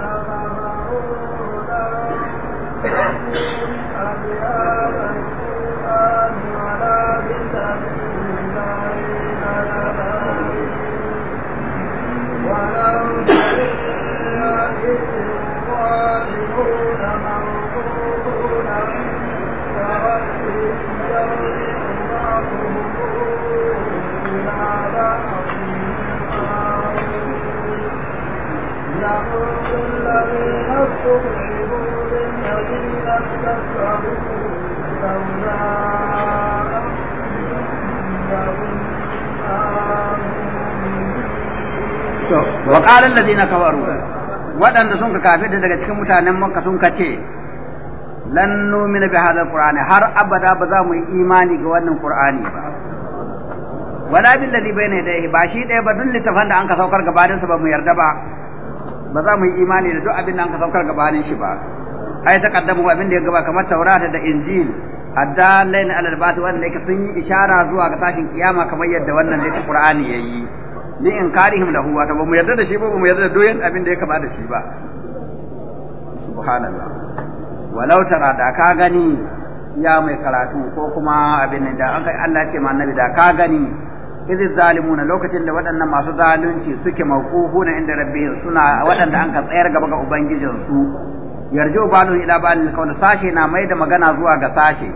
wa qala allazina kafaru waɗanda sun ka da daga cikin mutanen makka sun ka ce lan nu'mina bi hada alqur'ani har abada ba za mu yi imani ga wannan qur'ani ba wala bil ladhi bayna yadayhi ba shi dai ba dun littafin da an ka saukar gabanin sa ba mu yarda ba ba za mu yi imani da duk abin da an ka saukar gabanin shi ba ai ta kaddamu abin da ya gaba kamar taurata da injil addalain alal ba'd wanda yake sun yi ishara zuwa ga tashin kiyama kamar yadda wannan da qur'ani yayi li inkarihim lahu wa ba mu yarda da shi ba mu yarda da doyen abin da ya kama da shi ba subhanallah walau tara da ka gani ya mai karatu ko kuma abin da an kai Allah ce ma annabi da ka gani idh zalimuna lokacin da waɗannan masu zalunci suke mawquhuna inda rabbihim suna waɗanda an ka tsayar gaba ga ubangijinsu yarjo balu ila balil kauna sashe na mai da magana zuwa ga sashe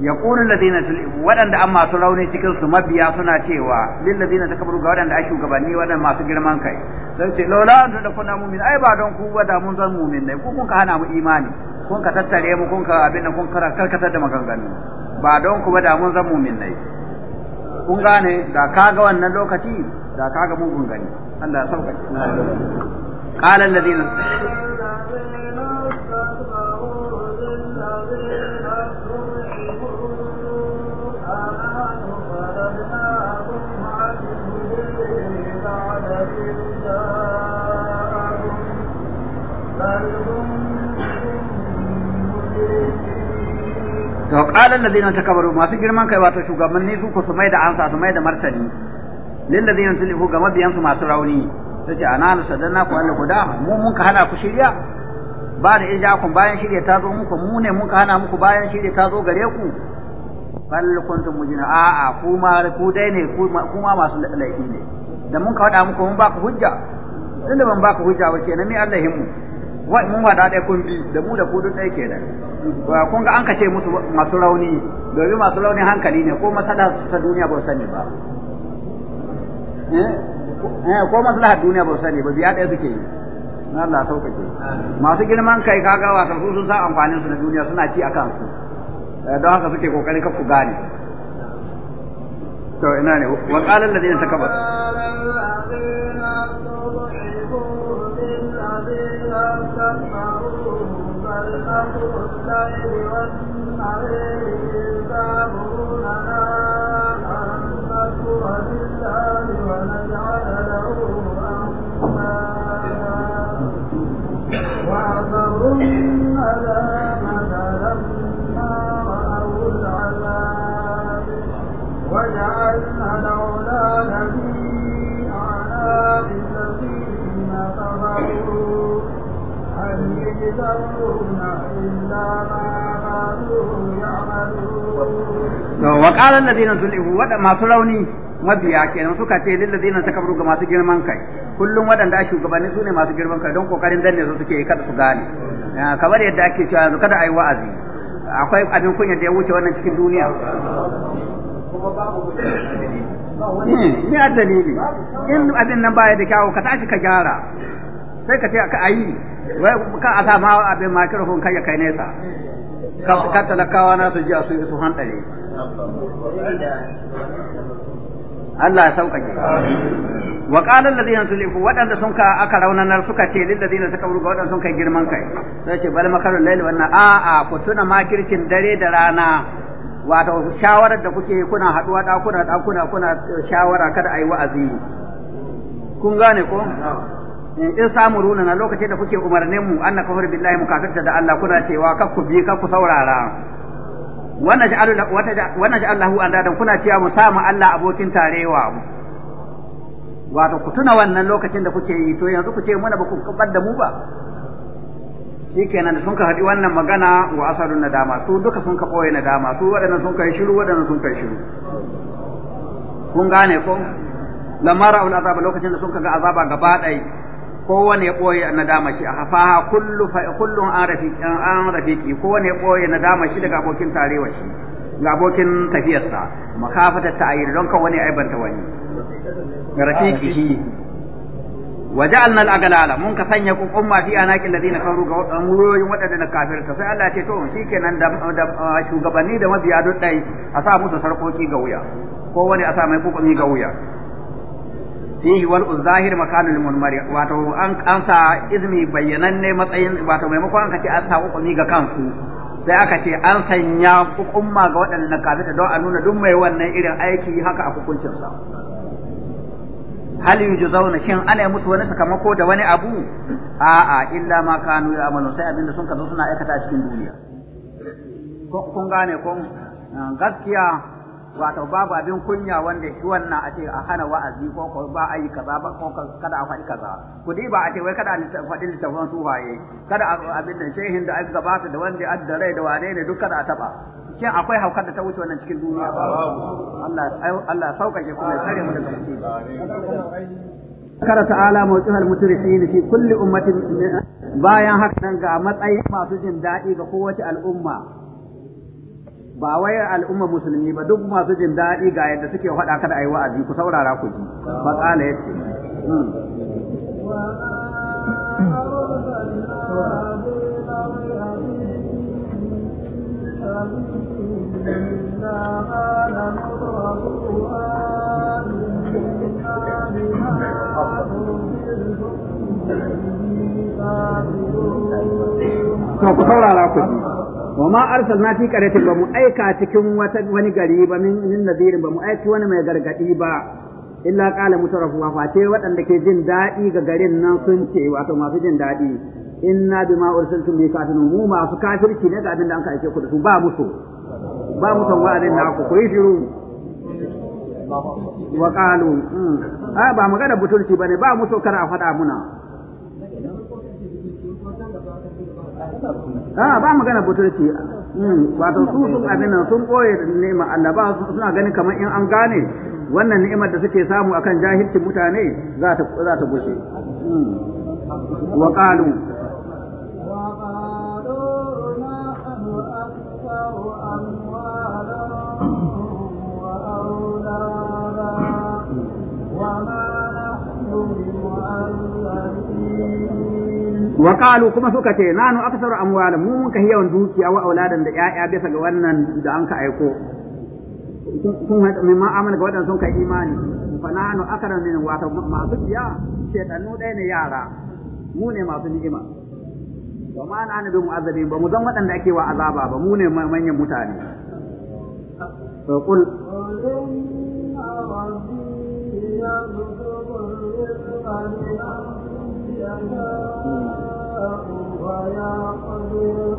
yaqulu alladhina waɗanda an masu rauni cikin su mabiya suna cewa lil ta kabaru ga waɗanda a shugabanni waɗanda masu girman kai sai ce lola an da kuna mu'min ai ba don ku ba da mun zan mu'min ne ku kun ka hana mu imani kun ka tattare mu kun ka abin da kun karkatar da maganganu ba don ku ba da mun zan mu'min ne kun gane da kaga wannan lokaci da kaga mugun gani Allah ya sauka qala alladhina to qalan ladina takabbaru masu girman kai wato shugabanni su ko su mai da ansa su mai da martani lil ladina tulifu ga mabiyan su masu rauni sace ana sadanna ku Allah guda mu mun ka hana ku shirya ba da ku bayan shirya ta zo muku mu ne mun ka hana muku bayan shirya ta zo gare ku bal kuntum mujina a'a ku ma ku dai ne ku ma masu laifi ne da mun ka faɗa muku mun ba ku hujja tunda ban ba ku hujja ba kenan me Allah himu wa mun wada dai kun bi da mu da ku duk ɗaya kenan kun ga an ka ce musu masu rauni domin masu rauni hankali ne ko masala ta duniya ba sani ba eh? Eh, ko maslahar duniya ba sani ba biya ɗaya suke yi na Allah sauƙaƙe masu girman kai ga wasan su sun san amfanin su na duniya suna ci akan su eh, don haka suke kokarin kakku gane to ina ne wa qala alladhina takabaru لن تسمعوا بل مكر الليل والنهار إذ تابوننا qala alladhina zulibu wada masu rauni mabiya kenan suka ce lil ladina takabru ga masu girman kai kullum waɗanda shugabanni gabanin sune masu girman kai don kokarin danne su suke kada su gane kamar yadda ake cewa yanzu kada ayi wa'azi akwai abin kunya da ya wuce wannan cikin duniya ni a dalili in abin nan baya da kyawu ka tashi ka gyara sai ka ce ka ayi ka a ma abin makirfin kai ya kai nesa ka talakawa na su ji su su hanɗare Allah ya sauƙaƙe wa qala alladhina tulifu waɗanda sun ka aka raunanar suka ce lil ladina suka ga waɗanda sun kai girman kai sai ce bal makarul layl wannan a a ku tuna makircin dare da rana wato shawarar da kuke kuna haɗuwa ɗakuna ɗakuna kuna shawara kada a yi wa'azi kun gane ko in samu runa na lokacin da kuke umarnin mu annaka hurbillahi mukafirta da Allah kuna cewa kakku bi kakku saurara wannan shi allah lahu andadan kuna cewa mu samu Allah abokin tarewa wato ku tuna wannan lokacin da kuke yi to yanzu ku ce muna ba ku kubar da mu ba shikenan da sun ka hadi wannan magana wa asarun nadama su duka sun ka ɓoye nadama su waɗannan sun kai shiru waɗannan sun kai shiru kun gane ko lamara ul azaba lokacin da sun ka ga azaba gaba ɗaya kowane ya ɓoye nadama shi a faha kullum an rafiki an rafiki kowane ya ɓoye nadama shi daga abokin tarewa shi ga abokin tafiyarsa makafata ta'ayyir don ka wani aibanta wani rafiki shi waja'alna al-aghlala mun ka sanya kukumma fi anaqil ladina kafaru ga wuroyin wadanda na kafirta sai Allah ya ce to shikenan da shugabanni da mabiya duk dai a sa musu sarkoki ga wuya ko wani a sa mai kukumi ga wuya fihi wal zahir makanul munmari wato an an sa izmi bayyananne matsayin wato maimakon an ce an sa hukumi ga kansu sai aka ce an sanya hukumma ga waɗannan kafita don a nuna duk mai wannan irin aiki haka a hukuncin sa hal yujzauna shin ana musu wani sakamako da wani abu a'a illa ma kanu ya'malu sai abinda sun kazo suna aikata a cikin duniya kun gane kun gaskiya wato babu abin kunya wanda shi wannan a ce a hana wa'azi ko ko ba ayi kaza ba ko kada a faɗi kaza ku dai ba a ce wai kada a faɗi littafin waye kada abin da shehin da aka gabata da wanda adda rai da wane ne duk kada a taba shin akwai haukar da ta wuce wannan cikin duniya Allah Allah saukake kuma ya tsare mu daga musiba ذكر تعالى موقف المترفين fi kulli ummatin bayan haka nan ga matsayin masu jin daɗi ga kowace al'umma ba wai al'umma musulmi ba duk masu jin daɗi ga yadda suke faɗa kada ayi wa'azi ku saurara ku ji fa qala yace hmm. To ku saurara ku ji. wa ma arsalna fi qaryatin ba mu aika cikin wata wani gari ba min min nadirin ba mu aiki wani mai gargadi ba illa qala mutarafuha fa ce waɗanda ke jin daɗi ga garin nan sun ce wato masu jin daɗi inna bima ursiltum bi kafirun mu masu kafirci ne ga abin da an aike ku da su ba musu ba musu wa'adin naku ku yi shiru wa qalu hmm, a ba magana butulci bane ba musu kar a faɗa muna Aa, ah, ba magana butulci hmm, wato su sun abin nan sun koye nema Allah ba suna ganin kamar in an gane wannan ni'imar da suke samu akan jahilcin mutane za ta za ta gushe hmm. wa qalu wa qalu na wa qalu kuma suka ce nanu aksaru amwalan mu mun kai yawan dukiya wa auladan da yaya bisa ga wannan da an ka aiko sun haɗa mai ma'amala ga waɗanda sun kai imani fa nanu akara min wata masu biya shedanu ɗaya ne yara mu ne masu ni'ima wa ma nanu bi mu'azzabin ba mu zan waɗanda ake wa azaba ba mu ne manyan mutane to qul Yeah. ويا قدر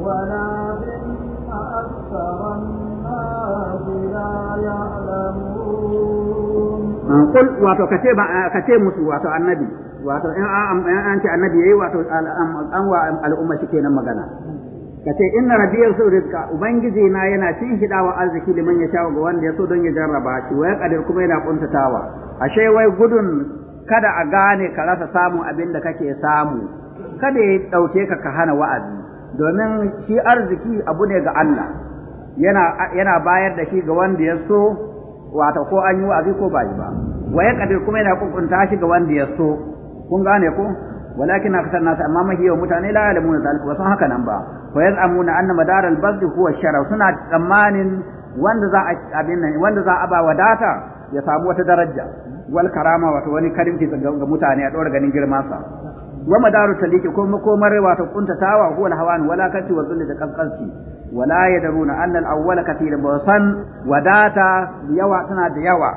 ولكن أكثر الناس لا يعلمون قل واتو كتب كتب مسو واتو النبي wato in an ce annabi yayi wato an wa al'umma shi kenan magana kace inna rabbiyal su rizqa ubangiji na yana cin hidawa arziki liman ya shawo ga wanda ya so don ya jarraba shi wai kadir kuma yana kuntatawa ashe wai gudun kada a gane ka rasa samun abin da kake samu kada ya ɗauke ka ka hana wa'azi domin shi arziki abu ne ga Allah yana yana bayar da shi ga wanda ya so wato ko an yi wa'azi ko ba yi ba Waye kadir kuma yana kunkunta shi ga wanda ya so kun gane ko walakin akthar nasu, amma mahi mutane la ya'lamuna zalika wasan haka nan ba wa yaz'amuna anna annama daral bazd huwa shara suna tsammanin wanda za a abin wanda za a ba wadata ya samu wata daraja wal karama wato wani karimci ga mutane a dora ganin girmansa wa madaru taliki ko makomar wato kuntatawa ko alhawan wala kati wa zulli da kaskanci wala yadruna anna al-awwala kathira ba san wadata yawa tana da yawa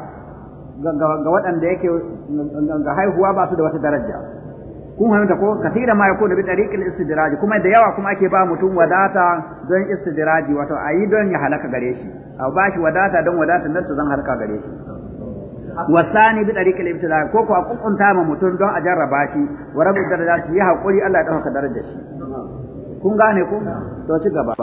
ga waɗanda yake ga haihuwa ba su da wata daraja kun hanta ko kathira ma yakunu bi tariqil istidraj kuma da yawa kuma ake ba mutum wadata don istidraji wato ayi don ya halaka gare shi a ba shi wadata don wadata nan ta zan halaka gare wasani bi tsari al-ibtila ko ko a kunkunta ma mutum don a jarraba shi wa rabu da shi ya hakuri Allah ya dauka darajar shi kun gane ku to ci gaba